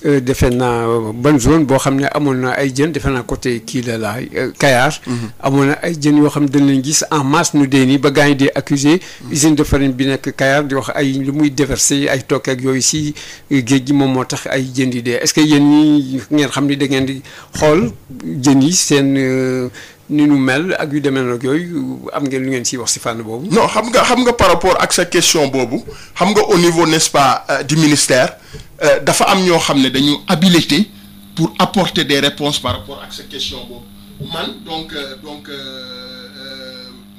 Euh, defe naa ban zone boo xam ne amoon na ay jën defe naa côté kii la laa euh, Kayar. Mhm. amoon na ay jën yoo xam ne dañ leen gis en masse nu dee nii ba gaa gaañ di accusé mhm. usine de farine bi nekk Kayar di wax ay lu muy déversé ay tokk ak yooyu si euh, géej gi moom moo tax ay jën yi dee est-ce que yéen ñi ngeen xam ni da ngeen di xool jën yi seen. ni nu mel ak yu demee nag yooyu am ngeen lu ngeen si wax si fànn boobu. non xam nga xam nga par rapport ak sa question boobu xam nga au niveau nest pas euh, du ministère euh, dafa am ñoo xam ne dañu habilité pour apporter des réponses par rapport ak sa question boobu man donc euh, donc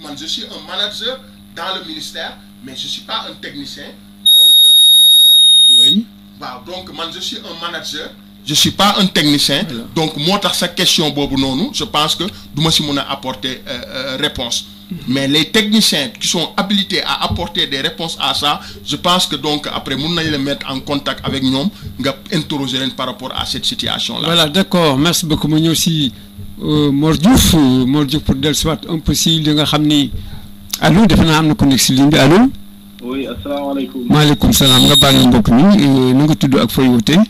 man je suis un manager dans le ministère mais je pas un technicien donc. oui waaw donc man je un manager. je suis pas un technicien voilà. donc moo tax sa question boobu noonu je pense que duma ma si mun a apporter euh, euh réponse mm-hmm. mais les techniciens qui sont habilités à apporter des réponses à ça je pense que donc après mun nañu la mettre en contact avec ñoom nga interroger leen par rapport à cette situation la voilà d'accord merci beaucoup ma ñëw si euh, Mor Diouf Mor Diouf pour dellusiwaat un peu si li nga xam ni allo defe naa am na ku nekk si ligne bi allo. maaleykum salaam nga baal ñu mbokk mi euh, tudd ak fooy wootee.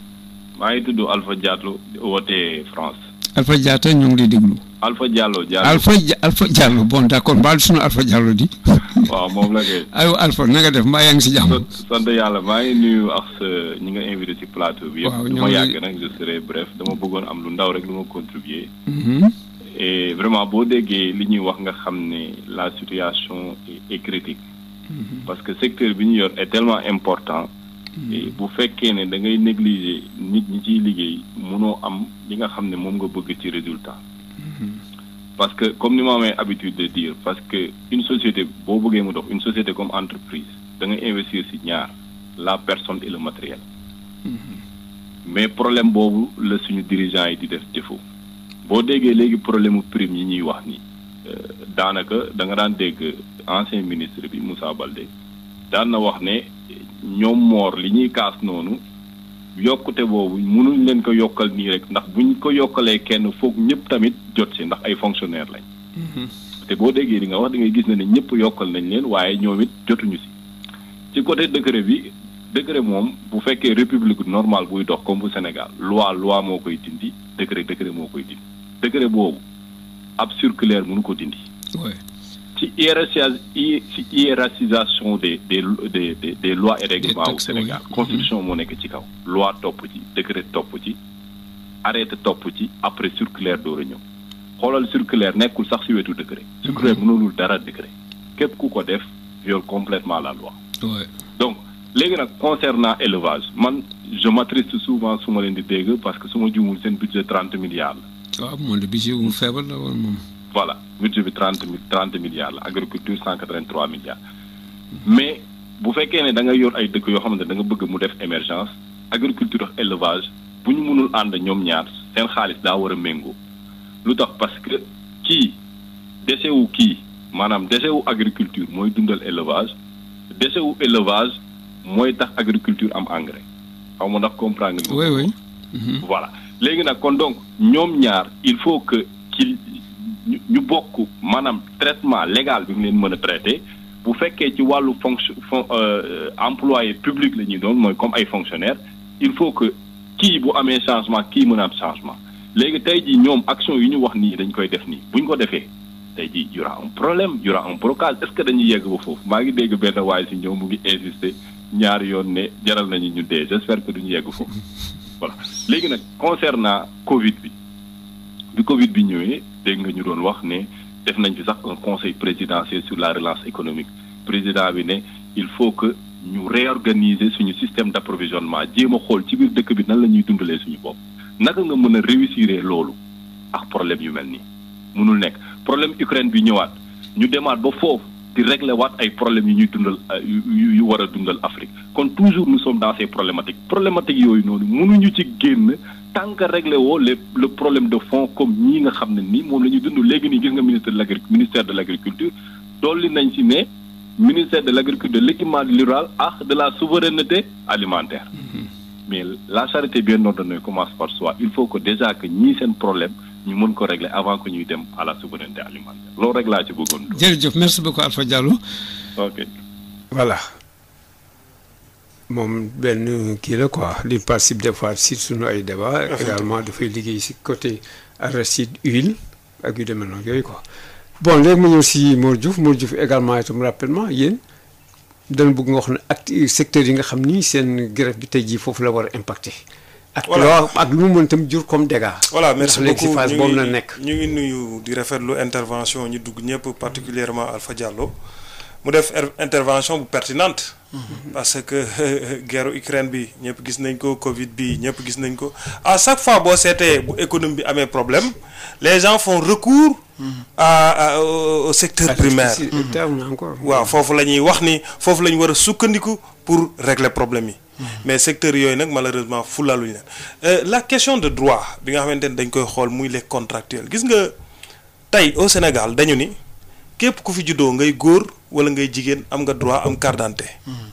maa ngi tudd Alpha Diallo wootee France. Alpha Diallo ñu ngi lay déglu. Alpha Diallo Diallo Alpha Alpha Diallo bon d'accord mbaal sunu Alpha Diallo di. [LAUGHS] waaw moom la kay. aywa Alpha na nga def mbaa yaa ngi si jàmm. sant yàlla maa ngi nuyu ak sa ñi nga invité si plateau bi. waaw ñoo ngi du ma yàgg nag je bref dama bëggoon am lu ndaw rek lu ma contribuer. Mm-hmm. et vraiment boo déggee li ñuy wax nga xam ne la situation est critique. Mm-hmm. parce que secteur bi ñu yor est tellement important. bu fekkee ne da ngay négliger nit ñi ciy liggéey mënoo am li nga xam ne moom nga bëgg ci résultat mm-hmm. parce que comme ni ma amee habitude de dire parce que une société boo bëggee mu dox une société comme entreprise da ngay investir ci ñaar la personne et le matériel mm-hmm. mais problème boobu la suñu dirigeant yi di def défaut boo déggee léegi problème mu prime yi ñuy wax ni euh, daanaka da nga daan dégg ancien ministre bi Moussa Baldé daan na wax ne ñoom moor li ñuy kaas noonu yokkute boobu mënuñ leen ko yokkal nii rek ndax buñ ko yokkalee kenn foog ñëpp tamit jot si ndax ay fonctionnaire lañ mhm. te boo déggee li nga wax da gis ne ni ñëpp yokkal nañ leen waaye ñoomit jotuñu si ci côté décret bi décret moom bu fekkee république normal buy dox comme bu Sénégal loi loi moo koy dindi décret décret moo koy dindi décret boobu ab circulaire mënu ko dindi ci hiérarchisation des des des des lois et règlements au Sénégal constitution mm-hmm. moo nekk ci kaw loi topp ci décret topp ci arrêté topp ci après circulaire door a ñëw xoolal circulaire nekkul sax si wetu décret circulaire mm-hmm. mënulul dara décret képp ku ko def viole complètement la loi donc léegi nag concernant élevage man je m'attriste souvent su ma leen di dégg parce que su ma juumul seen budget trente milliards la waaw ah, moom le budget bu mu faible la woon moom voilà budget bi trente mille trente milliards la agriculture cent quatre-vingt-trois milliards. mais bu fekkee ne da nga yor ay dëkk yoo xam ne da nga bëgg mu def émergence agriculture élevage bu ñu mënul ànd ñoom ñaar seen xaalis daa war a méngoo lu tax parce que kii déchet wu kii maanaam déchet wu agriculture mooy dundal élevage déchet wu élevage mooy tax agriculture am engrais xaw ma ndax comprendre nga. oui oui. voilà léegi nag kon donc ñoom ñaar il faut que ci ñu bokk maanaam traitement légal bi mu leen mën a traité bu fekkee ci wàllu fonction euh, employé public la ñuy doon mooy comme ay fonctionnaire il faut que kii bu amee changement kii mën a am changement léegi tey jii ñoom action yu ñu wax nii dañ koy def nii bu ñu ko defee tey jii y un problème y aura un blocage est-ce que dañuy yegg ba foofu maa ngi dégg benn waaye si ñoom mu ngi insister ñaari yoon ne jaral nañu ñu dee j'espère que duñu yegg foofu voilà léegi nag concernant Covid bi bi Covid bi ñëwee dégg nga ñu doon wax ne def nañ fi sax un conseil présidentiel sur la relance économique président bi ne il faut que ñu réorganiser suñu système d' approvisionnement jéem a xool ci biir dëkk bi nan la ñuy dundalee suñu bopp naka nga mën a réussir loolu ak problème yu mel nii mënul nekk problème Ukraine bi ñëwaat ñu demaat ba foofu di régler waat ay problèmes yu ñuy dundal yu war a dundal Afrique kon toujours nous sommes dans ces problématiques yooyu noonu mënuñu ci génn. tant que réglé woo le le problème de fond comme ñii nga xam ne nii moom la ñuy dund léegi nii gis nga ministre de ministère de l' agriculture dolli nañ ci ne ministère de l' agriculture de l' équipement de la souveraineté alimentaire. Mm-hmm. mais la charité bien ordonnée commence par soi il faut que déjà que ñii seen problème ñu mën ko régler avant que ñuy dem à la souveraineté alimentaire loolu rek laa ci bëggoon. jërëjëf merci beaucoup Alpha Diallo. ok voilà. moom benn kii la quoi li participe des fois si sunu ay débat également dafay liggéey si côté arachide huile ak yu demee noonu yooyu quoi bon léegi ma si moo Diouf Mor juuf également itam rapidement yéen dañu bëgg nga wax ne ak secteurs yi nga xam ni seen grève bi tey jii foofu la war a impacté ak ak lu mu mën itam jur comme dégâts voilà merci beaucoup si phase boobu la nekk ñu ngi nuyu di rafetlu intervention ñu dugg ñëpp particulièrement Alpha Diallo mu def intervention bu pertinente Mhm. parce que gero [LAUGHS] Ukraine bi ñëpp gis nañ ko Covid bi ñëpp gis nañ ko à chaque fois boo seetee bu économie bi amee problème les gens font recours. à au secteur primaire. Mhm. waaw foofu la ñuy wax ni foofu la ñu war a sukkandiku pour régler problème yi. Mhm. mais secteur yooyu nag malheureusement fulaaluñu leen euh, la question de droit bi nga xamante ne dañ koy xool muy les contractuels gis nga tey au Sénégal dañu ni. képp ku fi juddoo ngay góor wala ngay jigéen am nga droit am carte d'identité mm-hmm.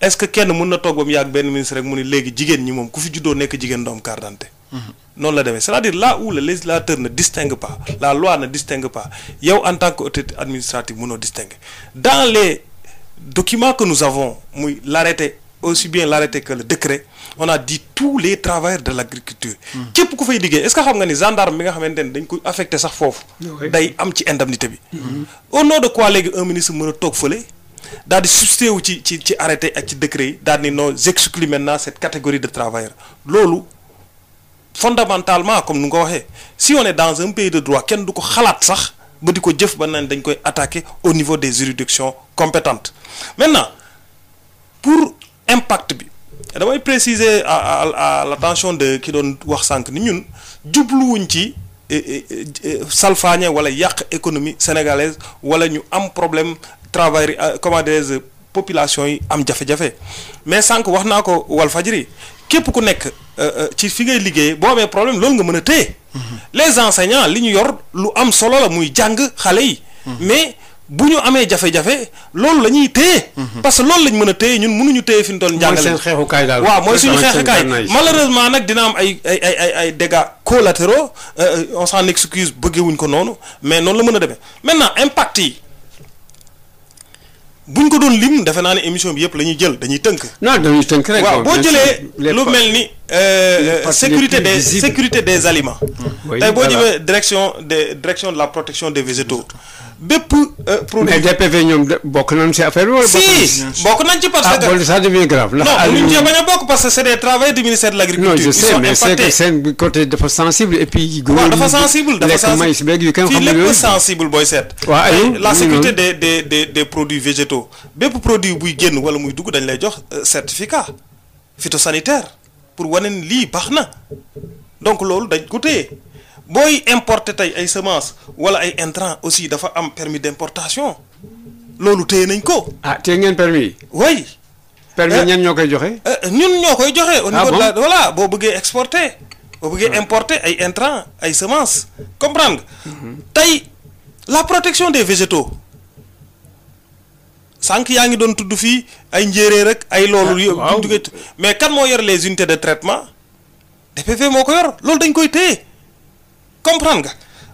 est-ce que kenn mun na toog ba mu yàgg ministre mu ni léegi jigéen ñi moom ku fi juddoo nekk jigéen doom carte d'identité mm-hmm. noonu la demee c'est-à-dire là où le législateur ne distingue pas la loi ne distingue pas yow en tant que autorité administrative mënoo distingue dans les documents que nous avons muy l'arrêté aussi bien l'arrêté que le décret on a dit tous les travailleurs de l' agriculture. képp ku fay liggéey est ce que xam nga ni gendarme bi nga xamante ne dañ ko affecté sax foofu. day am ci indemnité bi. au nom de quoi léegi un ministre mën a toog fële. daal di substitué wu ci ci ci arrêté ak ci décret yi daal di non j'exclus maintenant cette catégorie de travailleurs loolu fondamentalement comme nu nga ko waxee si on est dans un pays de droit kenn du ko xalaat sax ba di ko jëf ba naan dañ koy attaqué au niveau des juridictions compétentes maintenant pour impact bi. damay préciser à à à l'attention de ki doon wax sànq ni ñun jubluwuñ ci eh, eh, eh, salfaañe wala yàq économie sénégalaise wala ñu am problème travail euh, comment dirais-je population yi am jafe-jafe mais sànq wax naa ko Walfadjri képp ku nekk euh, euh, ci fi ngay liggéeye boo amee problème loolu nga mën a téye mm-hmm. les enseignants li ñu yor lu am solo la muy jàng xale yi mm-hmm. mais bu ñu amee jafe-jafe loolu la ñuy téye. Mhm. parce que loolu lañ mën a téye ñun mënuñu téye fi ñu doon. njàngale mooy seen xeexukaay daal waaw mooy suñu xeexukaay malheureusement nag dina am ay ay ay ay ay dégâts collatéraux euh, on s'en excuse bëggewuñ ko noonu mais noonu la mën a demee maintenant impact yi. buñ ko doon lim defe naa ne émission bi yëpp la ñuy jël dañuy tënk. non dañuy waaw boo jëlee lu mel ni. Euh, euh sécurité des visible. sécurité des aliments [LAUGHS] tey boo ñëwee direction des direction de la protection des végétaux bépp euh, produit. mais DPV ñoom bokk nañ ci affaire bokk nañ ci bokk parce que c' est des travailleurs du ministère de que seen côté dafa sensible et puis. waaw dafa des des des des produits végétaux buy génn wala muy dugg dañ lay jox euh, certificat phytosanitaire. pour wane lii baax na donc loolu dañ ko téye booy importe tey ay semences wala ay intrants aussi dafa am permis d'importation loolu téye nañ ko. ah téye ngeen permis way oui. permis euh, ñan ñoo koy joxe. Euh, ñun ñoo koy joxe. au ah la voilà boo bëggee exporter. boo bëggee ah. importer ay intrants ay semences comprendre nga. Mhm. tey la protection des végétaux. sànq yaa ngi doon tudd fii ay njéeréer rek ay loolu. Ah, waaw mais kan moo yore les unités de traitement. DPV moo ko yor loolu dañ koy téye comprendre nga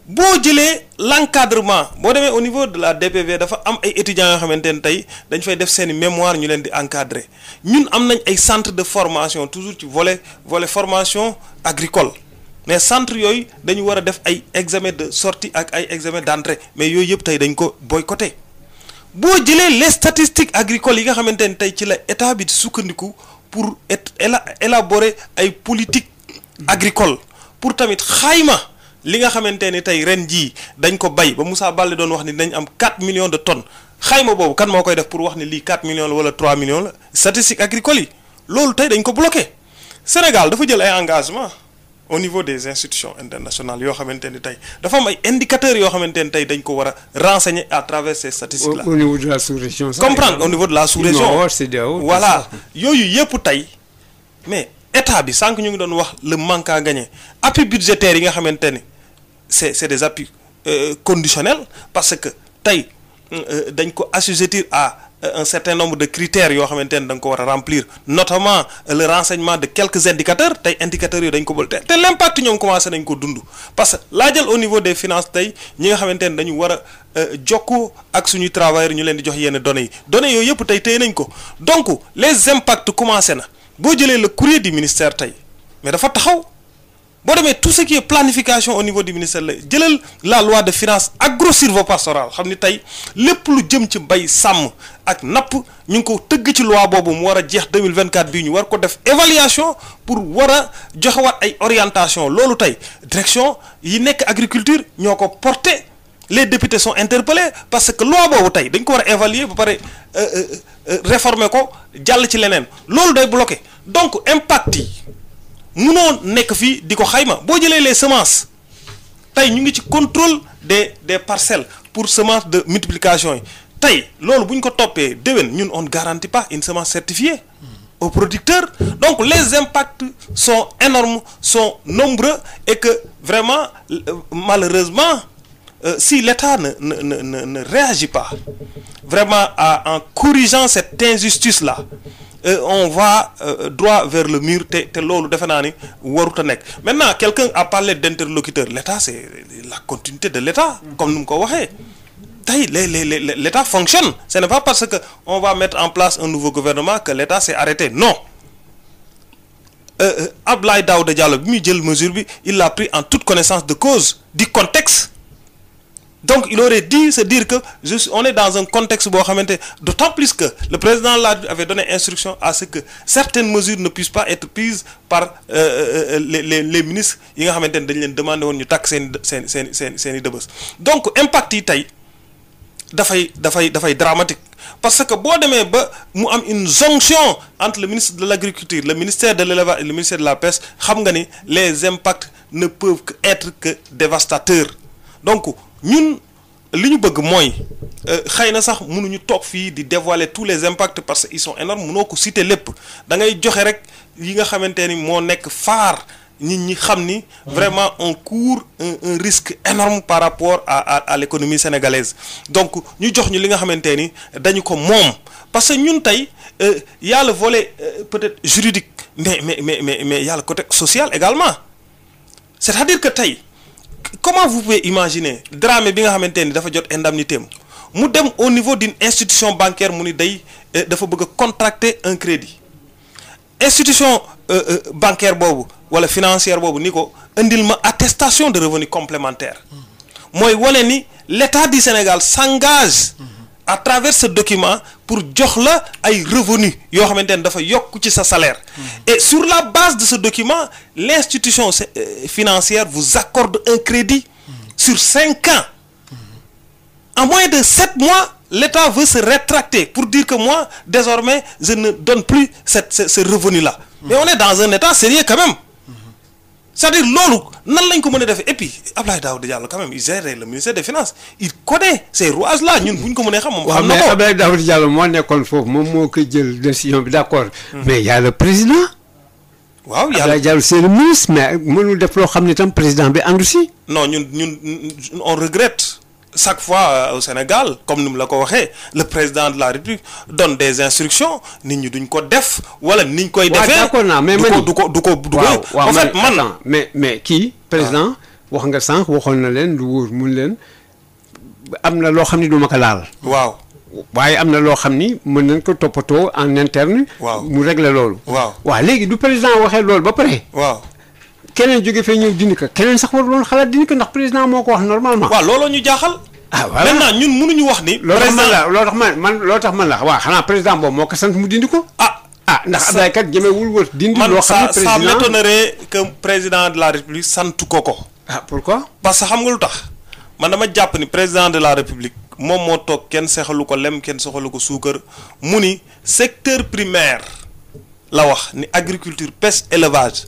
boo jëlee l'encadrement boo demee au niveau de la DPV dafa am ay étudiants yoo xamante ne tey dañ fay def seen mémoire ñu leen di encadrer ñun am nañ ay centre de formation toujours ci volet volet formation agricole mais centre yooyu dañu war a def ay examen de sortie ak ay examen d'entrée mais yooyu yëpp tey dañ ko boycotter. boo jëlee les statistiques agricoles yi nga xamante ne tey ci la état bi sukkandiku pour élaborer ay politique agricole pour tamit xayma li nga xamante ni tey ren jii dañ ko bay ba Moussa Baldé doon wax ni dañ am 4 million de tonnes xayma boobu kan moo koy def pour wax ni lii 4 millions la wala 3 millions la statistique agricole yi loolu tey dañ ko bloqué Sénégal dafa jël ay engagement au niveau des institutions internationales yoo xamante ni tey dafa am ay indicateurs yoo xamante ni tey dañ ko war a renseigner à travers ces statistiques là. au niveau de la sous au niveau de la sous-région oh, voilà yooyu yëpp tey mais état bi sànq ñu ngi doon wax le manque à gagner appui budgétaire yi nga xamante ni c'est c'est des appuis euh, conditionnels parce que tey euh, euh, dañ ko assujettir à. Euh, un certain nombre de critères yoo xamante ne da nga ko war a remplir notamment euh, le renseignement de quelques indicateurs tey indicateurs yooyu dañ ko bëgg te l'impact ñoom commencé nañ ko dund parce que laa jël au niveau des finances tey ñi nga xamante dañu war a euh, ak suñuy travailleurs ñu leen di jox yenn données yi données yooyu yëpp tey téye nañ ko donc les impacts commencé na boo jëlee le courrier du ministère tey mais dafa taxaw boo demee tout ce qui est planification au niveau du ministère la jëlal la loi de finance agro-sylvo-pastorale xam ni tey lépp lu jëm ci mbay sàmm ak napp ñu ngi ko tëgg ci loi boobu mu war a jeex 2024 bii ñu war ko def évaluation pour war a joxewaat ay orientation loolu tey direction yi nekk agriculture ñoo ko porté les députés son interpellés parce que loi boobu tey dañ ko war a évaluer ba pare euh, euh, euh, réformer ko jàll ci leneen loolu day bloqué donc impact yi munoo nekk fii di ko xayma boo jëlee les semence tey ñu ngi ci contrôle des des parcelles pour semence de multiplication yi tey loolu bu ñu ko toppee déwén ñun on garantit pas une semence certifiée au producteurs donc les impacts sont énormes son nombreux et que vraiment euh, malheureusement euh, si l'État ne ne ne ne réagit pas vraiment à en corrigeant cette injustice la Euh, on va euh, droit vers le mur te te loolu defe naa ni warut a nekk maintenant quelqu'un a parlé d'interlocuteur l'État c'est la continuité de l'État comme ni mu ko waxee tey les les les l'État fonctionne ce n'est pas parce que on va mettre en place un nouveau gouvernement que l'État s'est arrêté non euh, Abdoulaye Daouda Diallo bi muy jël mesure bi il l'a pris en toute connaissance de cause du contexte donc il aurait dû se que je suis, on est dans un contexte boo xamante d'autant plus que le président la avait donné instruction à ce que certaines mesures ne puissent pas être prises par euh, euh, euh, les les les yi nga xamante ne dañ leen demandé woon ñu takk seen seen seen seen seen i dëbës donc impact yi tey dafay dafay dafay dramatique parce que boo demee ba mu am une jonction entre le ministre de l'agriculture le ministère de l'élevage et le ministère de la pêche xam nga ni les impacts ne peuvent que être que dévastateurs donc ñun li ñu bëgg mooy euh, xëy na sax mënuñu toog fii di dévoiler tous les impacts parce que ils sont énormes mënoo ko citer lépp da ngay joxe rek yi nga xamante ni moo nekk faar nit ñi xam ni. vraiment on court un, un risque énorme par rapport à à, à l'économie sénégalaise donc ñu jox ñu li nga xamante ni dañu ko moom parce que ñun tey euh, y a le volet euh, peut-être juridique mais mais mais mais mais y côté sociale également c'est-à-dire que tey. comment vous pouvez imaginer Dramé bi nga xamante ni dafa jot indemnité am mu dem au niveau din institution bancaire mu ni day eh, dafa bëgg a contracter un crédit institution euh, euh, bancaire boobu wala financière boobu ni ko indil ma attestation de revenu complémentaire mooy wane ni l'État du Sénégal s'engage à travers ce document pour jox la ay revenus yoo xamante ne dafa yokku ci sa salaire. Hmm. et sur la base de ce document l' institution euh, financière vous accorde un crédit. Hmm. sur cinq ans. Hmm. en moins de sept mois l' état veut se rétracter pour dire que moi désormais je ne donne plus cette ce revenu là. mais on est dans un état sérieux quand même. c'est-à-dire loolu nan lañ ko mën a defee et puis Abdoulaye Daouda Diallo quand même il gère le ministère il connaît ces rouages là ñun bu ñu ko mënee xam moom. xam na ko waaw mais Abdoulaye Daouda Diallo moo nekkoon foofu moom moo koy jël décision bi d' accord. Hmm. mais y' a le président. waaw y' a Abdoulaye Diallo c'est le ministre mais mënul def loo xam ne tam président bi àndu si. non ñun ñun on regrette. chaque fois euh, au Sénégal comme ni mu la ko waxee le président de la République donne des instructions nit ñi duñ ko def wala niñ koy. defee d'accord naa mais du ko du ko du ko. en fait man mais mais kii. président wax nga sànq waxoon na leen lu wóor mu leen am na loo xam ni du ma ko laal. waaw. waaye am na loo xam ni mën nañ ko toppatoo en interne. waaw mu régler loolu. waaw waaw léegi du président waxee loolu ba pare. keneen jóge fee ñëw dindi ko keneen sax warul woon xalaat dindi ko ndax président moo ko wax normalement. waaw looloo ñu jaaxal. ah voilà maintenant ñun mënuñu wax ni. président loolu tax man man loolu tax man la waaw xanaa président boobu moo ko sant mu dindi ko. ah ah ndax Abdoulaye kat jëmewul wër dindi. loo xam ne président man ça ça m'étonnerait que président de la république sant ko ko. ah pourquoi. parce que xam nga lu tax man dama jàpp ni président de la république moom moo toog kenn seexalu ko lem kenn soxalu ko suukar mu ni secteur primaire. la wax ni agriculture pêche élevage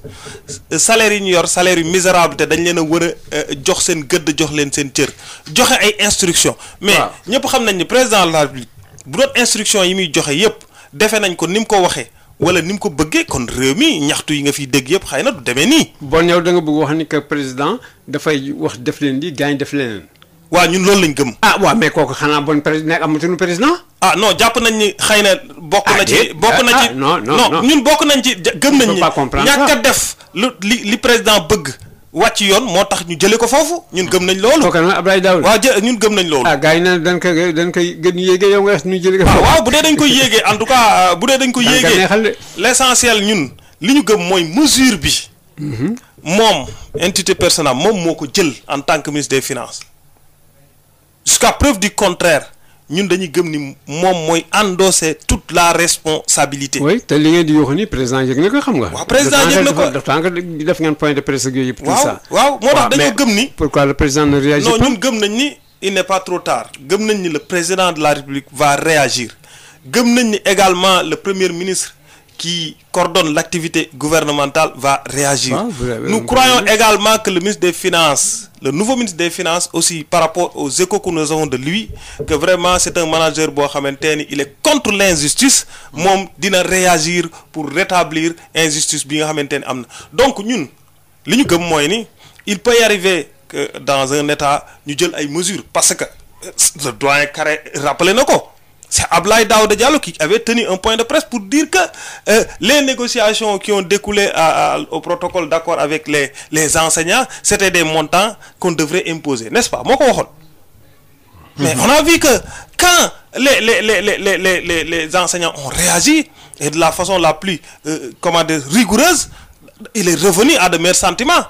euh, salaire yi ñu yor salaire yu misérable te dañ leen a war a euh, jox seen gëdd jox leen seen cër joxe ay instructions. mais ñëpp xam nañ ni président la République bu doon instruction yi muy joxe yëpp defe nañ ko ni mu ko waxee wala ni mu ko bëggee kon réew mi ñaxtu yi nga fiy dégg yëpp xëy na du demee nii. bon yow da nga bëgg wax ni que président dafay wax def leen lii gaañ def leneen. waaw ñun loolu lañ gëm. ah waa mais kooku xanaa bon président amatuñu président. ah noo jàpp nañ ni xëy na. bokk na ah, ci bokk na ah, ci ah, ñun bokk nañ ci gëm nañ ni ñàkk a def li li président bëgg. wàcc yoon moo tax ñu jëlee ko foofu ñun gëm nañ loolu. kooku nag Abdoulaye Daouda waaw jë ñun gëm nañ loolu. ah gars yi naan dañ dañ koy gën yéegee yow nga est ñu jëlee ko. foofu waaw bu dee dañ koy yéegee en tout cas euh, bu dee dañ koy. yéegee l' essentiel ñun li ñu gëm mooy mesure bi. Mhm. moom entité personnelle moom moo ko jël en tant que ministre des finance jusqu'à preuve du contraire ñun dañuy gëm ni moom mooy endosser toute la responsabilité. oui te li ngeen di wax ni président yëg na xam nga. waaw président yëg na ko def ngeen point de presse ak yooyu yëpp. tout ça waaw waaw moo tax dañoo gëm ni. pourquoi le président ne réagit pas ñun gëm nañ ni il n'est pas trop tard gëm nañ ni le président de la république va réagir gëm nañ ni également le premier ministre. qui coordonne l'activité gouvernementale va réagir. Ah, oui, Nous croyons également que le ministre des Finances, le nouveau ministre des Finances aussi par rapport aux échos que de lui, que vraiment c'est un manager boo xamante ni il est contre l'injustice moom dina réagir pour rétablir injustice bi nga xamante ni am na. Donc ñun li ñu gëm mooy ni il peut y arriver que dans un état ñu jël ay mesures parce que euh, le doyen Carré rappelé na ko. C'est Ablaï Daouda Diallo qui avait tenu un point de presse pour dire que euh, les négociations qui ont découlé à, à, au protocole d'accord avec les les enseignants, c'était des montants qu'on devrait imposer, n'est-ce pas? moo ko waxoon. Mais mhm. on a vu que quand les les les les les les les enseignants ont réagi et de la façon la plus euh, comment dire rigoureuse, il est revenu à de meilleurs sentiment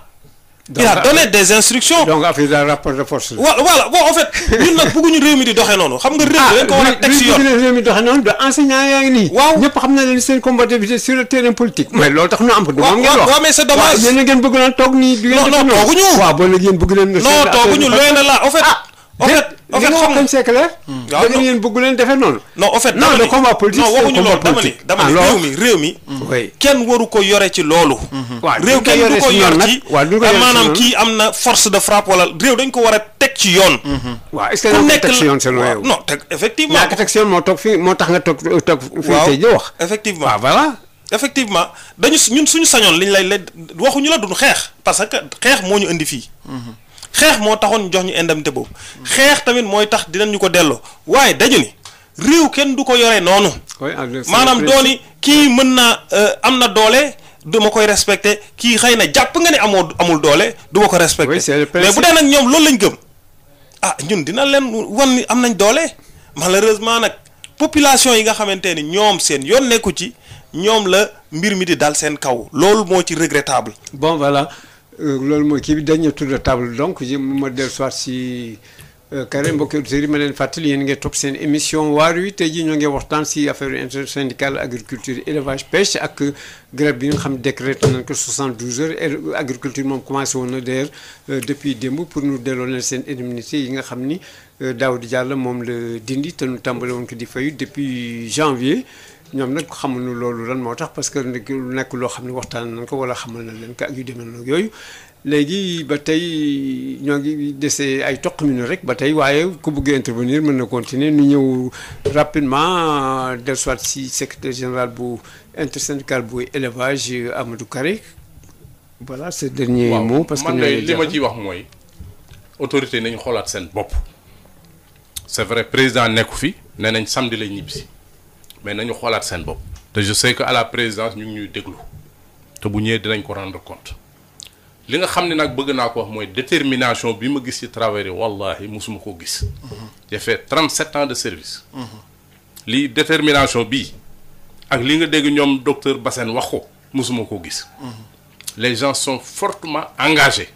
donc des instructions. donc affaire daal rapport de force la. voilà bon en ñun nag bëgguñu réew mi di doxee noonu. xam nga réew mi dañ ko noonu de enseignant yaa nii. waaw xam na leen seen combativité sur le terrain politique. mais loolu tax ñu am ko. du moom mais c'est dommage. waaw yéen a ngeen naan toog nii. du ngeen noonu non non waaw boo leen yéen bëgg leen. non tooguñu looy na la en ah. en fait en fait xam nga c'est clair. bëgg leen defee noonu. non en fait dama ni kenn waru ko yore ci loolu. Hmm. waaw réew kenn du ko yor ci maanaam kii am na force de frappe réew dañ ko war a teg ci yoon. Hmm. waaw est-ce que da nga teg ci yoon seen effectivement moo toog fii moo tax nga toog toog fii wax. effectivement waaw ah, voilà. effectivement dañu ñun suñu sañoon liñ lay waxuñu la duñu xeex parce que xeex moo ñu indi fii hmm. xeex moo taxoon jox ñu indemnité boobu. xeex tamit mooy tax dinañ ñu ko delloo waaye dañu ni réew kenn du ko yore noonu. maanaam dooni kii mën naa euh, am na doole. du ma koy respecté kii xëy na jàpp nga ne amoo amul doole du ma ko respecté. mais bu dee nag ñoom loolu lañ gëm. ah ñun dina leen wan ni am nañ doole malheureusement nag population yi nga xamante ni ñoom seen yoon nekku ci ñoom la mbir mi di dal seen kaw loolu moo ci regrettable. bon voilà. Euh, loolu mooy kii bi dañu tour de table donc je ma dellu soit si euh, Karim mbokki auditeurs ma leen fàttali yéen ngeen topp seen émission waar wi tey jii ñoo ngi waxtaan si affaire intersyndicale agriculture élevage pêche ak grève bi nga xam décrété nañ ko 72 heures er, agriculture moom commencé woon na d'ailleurs euh, depuis démb pour ñu delloo leen seen indemnité yi nga xam ni daaw di Diallo moom la dindi te ñu tàmbale woon ko di fay depuis janvier. ñoom nag xamuñu loolu lan moo tax parce que nekk loo xam ne waxtaan nañ ko wala xamal na leen ko ak yu demee noonu yooyu léegi ba tey ñoo ngi desee ay toq mi rek ba tey waaye ku bëggee intervenir mën na continuer nu ñëw rapidement del soit si secrétaire général bu intersyndical bu élevage Amadou Karé voilà ce dernier mot parce que man de li ma ciy wax mooy autorité nañu xoolaat seen bopp c'est vrai président nekku fi nee nañ samedi lay ñibbisi mais nañu xoolaat seen bopp. te je sais que à la présidence ñu ñuy déglu te bu ñëwee dinañ ko rendre compte li nga xam ne nag bëgg naa ko wax mooy détermination bi ma gis ci travail wallahi mosuma ko gis. j'ai fait 37 ans de service. lii détermination bi ak li nga dégg ñoom docteur Bassène wax ko mosuma ko gis. les gens sont fortement engagé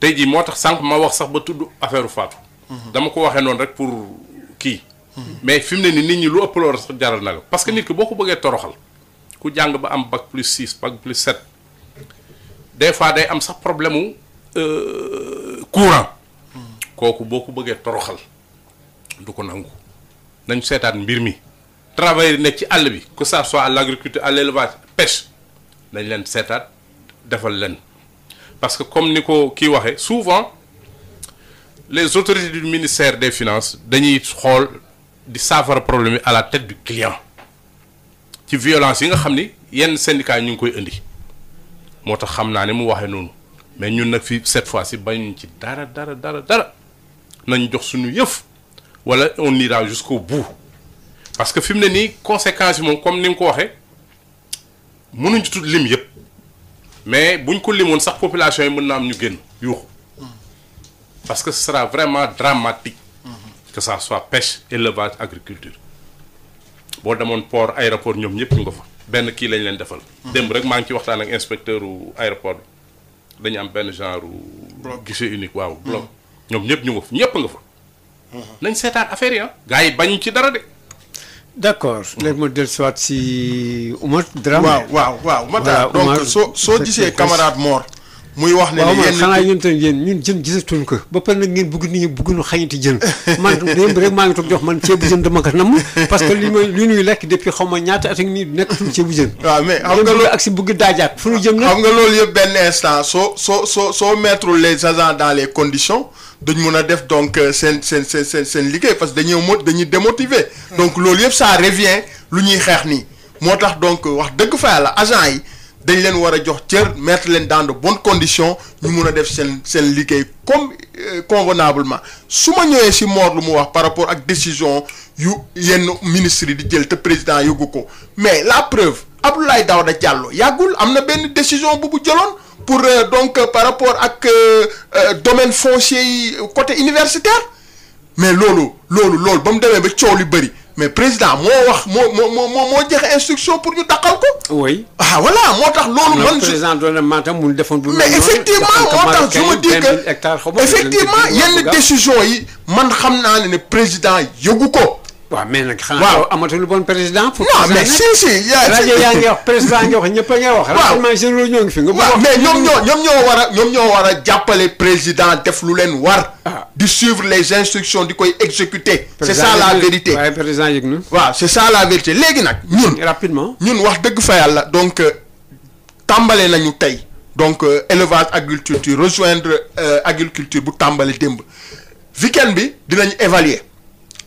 tey jii moo tax sànq ma wax sax ba tudd affaire Fatou. dama ko waxee noonu rek pour kii. mais fi mu ne ni nit ñi lu ëpp loolu sax jaral na la parce que nit ki boo ko bëggee toroxal ku jàng ba am bac plus 6 bac plus 7 des fois day am sax problème mu euh, courant kooku boo ko bëggee toroxal du ko nangu nañu seetaat mbir mi travailleurs ne ci àll bi que sa soit à l'agriculture à l'élevage pêche dañ leen seetaat defal leen parce que comme ni ko kii waxee souvent les autorités du ministère des finances dañuy xool di saafara problème yi à la tête du client ci violence yi nga xam ni yenn syndicat ñu ngi koy indi moo tax xam naa ne mu waxee noonu mais ñun nag fii cette fois si ci ñu ci dara dara dara dara nañ jox suñu yëf wala on ira jusqu'au bout parce que fi mu ne nii conséquence yi moom comme ni nga ko waxe mënuñ ci tudd lim yëpp mais buñ ko limoon sax population yi mën na am ñu génn yuuxu parce que ce sera vraiment dramatique que ça soit pêche élevage agriculture boo demoon port aéroport ñoom ñëpp ñu nga fa benn kii lañ leen defal. démb rek maa ngi ci waxtaan ak inspecteur u aéroport dañu am benn genre. guichet unique waaw bloc mm. ñoom ñëpp ñu nga fa ñëpp nga fa. Mm-hmm. nañ seetaan affaire yi ah. gars yi bañu ci dara de. d' accord mm. léegi ma dellusiwaat si Oumar Dramé. waaw waaw waaw Matar donc soo soo gisee camarade Mor. muy wax ne yéen xanaa ñun tam ñun jën gisatuñ ko ba pare nag ngeen bëgg nit ñi bëgg ñu xañati jën [LAUGHS] man démb rek maa ngi toog jox man ceebu jën dama ko namm parce que li ma lekk depuis xaw ma ñaat at ak nii nekkatul ceebu jën waaw mais xam nga loolu ak si bëgg daajaat fu ñu jëm nag xam nga loolu yëpp benn instant soo soo soo soo mettre les agents dans les conditions duñ mun a def donc euh, seen seen seen seen seen liggéey parce que dañuy mot dañuy démotiver donc loolu yëpp ça revient lu ñuy xeex nii moo tax donc wax dëgg fa yàlla agent yi dañ leen war a jox cër mettre leen dans de bonnes conditions ñu mun a def seen seen liggéey comme euh, convenablement su ma ñëwee si Mor lu mu wax par rapport ak décision yu yenn ministre yi di jël te président yëgu ko mais la preuve Abdoulaye Daouda Diallo yàggul am na benn décision bu bu jëloon pour euh, donc euh, par rapport ak domaine foncier yi côté universitaire mais loolu loolu loolu ba mu demee ba coow li bëri. mais président moo wax moo moo moo moo joxe instruction pour ñu dàqal ko. oui ah voilà moo tax. loolu man président doon na maanaam defoon. bu mais effectivement moo tax je me dis que effectivement yenn décision yi man xam naa ne ne président yëgu ko. waaw mais nag xanaa amatul bon président. foofu non mais si si yaa yaa ngi wax président ngi wax ñëpp a wax. waaw vraiment généraux ñoo mais ñoom ñoo ñoom ñoo war a ñoom ñoo war a jàppale président def lu leen war. Ah. di suivre les instructions di koy exécuter. c'est ça la vérité waaye président yëg na. la vérité léegi nag. ñun rapidement ñun wax dëgg fa yàlla donc euh, tàmbale nañu tey. donc euh, élevage agriculture rejoindre euh, agriculture bu tàmbale démb weekend bi dinañ évaluer.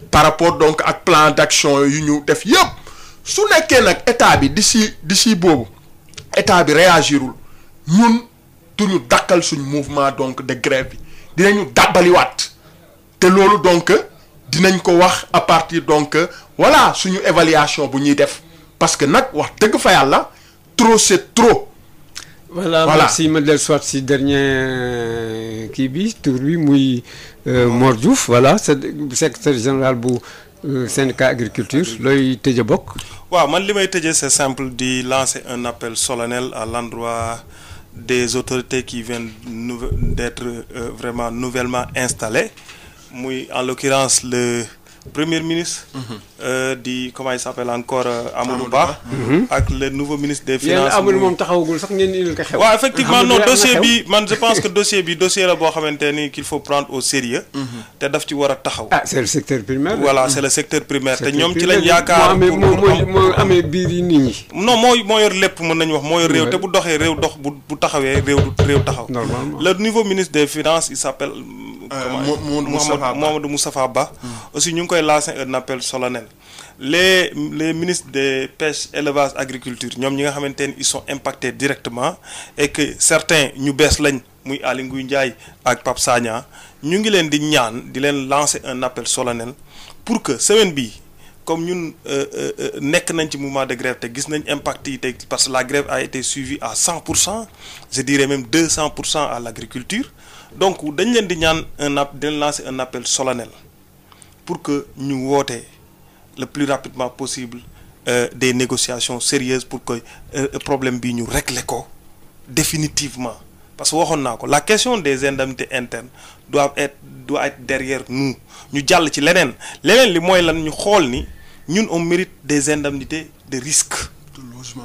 par rapport donc ak plan d'action yu ñu def yëpp su nekkee nag état bi d'ici d'ici boobu état bi réagirul ñun duñu dakkal suñ mouvement donc de grève bi dinañu dàbbaliwaat te loolu donc dinañ ko wax à partir donc voilà suñu évaluation bu ñuy def parce que nag wax dëgg fa yàlla trop c'est trop voilà merci ma del soit si dernier euh, kii bi tur muy euh, Mor Diouf voilà secrétaire général bu euh, syndicat agriculture looy tëje bokk waaw man li may tëje c'est simple di lancer un appel solennel à l'endroit des autorités qui viennent d'être vraiment nouvellement installées muy en l'occurrence le premier ministre. Mhm. Euh, di comment il s'appelle encore euh, Amadou baax mhm. ak le nouveau ministre des finances. yéen sax ngeen indil ko xew. waaw effectivement non que dossier bi dossier la boo ni qu'il faut prendre au sérieux mhm. a taxaw. ah c'est le secteur primaire. voilà c'est le secteur primaire te ñoom ci lañ yaakaar. moo amee moo amee biir yi nit ñi. lépp mën nañu wax moo bu doxee réew dox bu bu taxawee réew réew taxaw. normalement le nouveau ministre des finances il s'appelle. Euh, Mouhamadou Moustapha Ba hmm. aussi ñu ngi koy lancer un appel solennel les les ministres des pêche élevage agriculture ñoom ñi nga xamante ni ils sont impactés directement et que certains ñu bees lañ muy Aly Ngouille Ndiaye ak Pape Sagna ñu ngi leen di ñaan di leen lancer un appel solennel pour que semaine bii comme ñun euh, euh, nekk nañ ci mouvement de grève te gis nañ impact yi tey parce que la grève a été suivie à cent pour cent je dirais même deux cent pour cent à l'agriculture donc dañ leen di ñaan un app di lancer un appel solennel pour que ñu woote le plus rapidement possible euh, des négociations sérieuses pour que euh, problème bi ñu régler ko définitivement parce que waxoon naa ko la question des indemnités internes doit être doit être derrière nous ñu jàll ci leneen leneen li mooy lan ñu xool ni ñun on mérite des indemnités de risques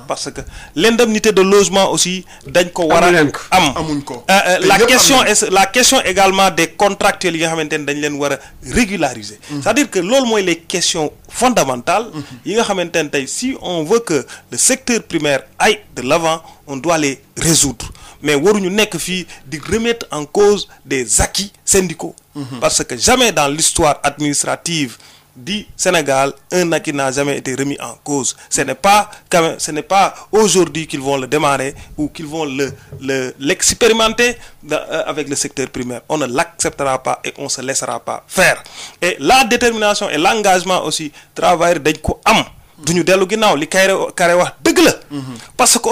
parce que l'indemnité de logement aussi dañ ko war a am amuñ ko euh, euh, la question la question également des contractuels yi nga xamante ne dañ leen war a régulariser mhm. c'est-à-dire que loolu mooy les questions fondamentales mhm. yi nga xamante ne tey si on veut que le secteur primaire aille de l'avant on doit les résoudre mais waruñu nekk fii di remettre en cause des acquis syndicaux mhm. parce que jamais dans l'histoire administrative dit Sénégal, un acquis n'a jamais été remis en cause. Ce n'est pas, quand même, ce n'est pas aujourd'hui qu'ils vont le démarrer ou qu'ils vont le, l'expérimenter euh, avec le secteur primaire. On ne l'acceptera pas et on se laissera pas faire. Et la détermination et l'engagement aussi, travailler d'un ko am. du Duñu delu ginaaw li kayre kare wax deug la mhm. parce que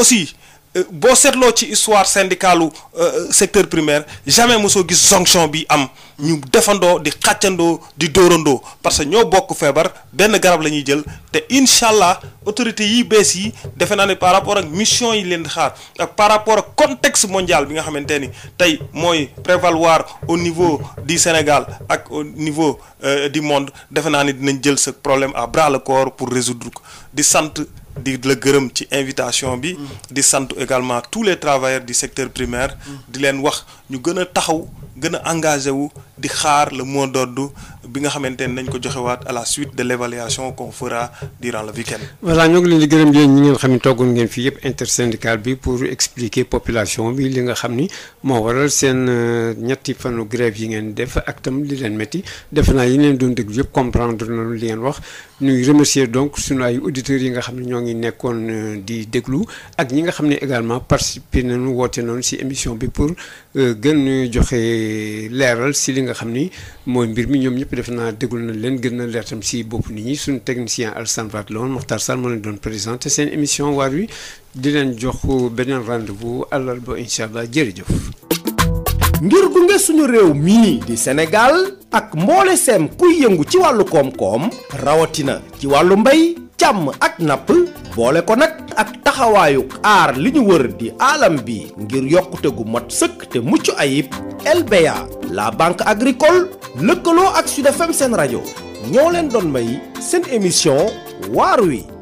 Euh, boo seetloo ci histoire syndicalu euh, secteur primaire jamais mosoo gis jonction bi am ñu defandoo di xàccandoo di dóorandoo parce que ñoo bokk feebar benn garab la ñuy jël te incha allah autorités yi bees yi defe naa ne par rapport ak mission yi leen di xaar ak par rapport ak contexte mondial bi nga xamante ni tey mooy prévaloir au niveau di Sénégal ak au niveau euh, di monde defe naa ni dinañ jël sa problème à bras le corps pour résoudre ko di sant. di la gërëm ci invitation bi. Mm. di sant également tous les travailleurs du secteur primaire. Mm. di leen wax ñu gën a taxaw gën a engagé wu di xaar la mot d'ordre bi nga xamante ne nañ ko waat à la suite de l'évaluation qu'on fera durant le week-end. ñoo ngi leen di gërëm yéen ñi ngeen xam ne toggoon ngeen fii yëpp intersyndical bi pour expliquer population bi li nga xam ni moo waral seen euh, ñetti fanu grève yi ngeen def ak tam li leen métti def naa yi leen doon déglu yëpp comprendre nañu li ngeen wax ñuy remercier donc sunu ay auditeurs yi nga xam ne ñoo ngi nekkoon euh, di déglu ak ñi nga xam ne également participé nañu woote nañu ci émission bi pour. Euh, gën ñu joxe leeral si li nga xam ni mooy mbir mi ñoom ñëpp def naa déglu na leen gën na leertam tam si bopp nit ñi suñu technicien Alassane Wade la woon Mokhtar Sall moo leen doon présenté seen émission waar wi di leen jox beneen rendez-vous àllarba incha allah jërëjëf. ngir gunge suñu réew mii di Sénégal ak mboole seem kuy yëngu ci wàllu koom-koom rawatina ci wàllu mbay. càmm ak napp boole ko nag ak taxawaayu aar li ñu wër di alam bi ngir yokkute gu mat sëkk te mucc ayib LBA la banque agricole lëkkaloo ak Sud FM seen rajo ñoo leen doon may seen émission waar wi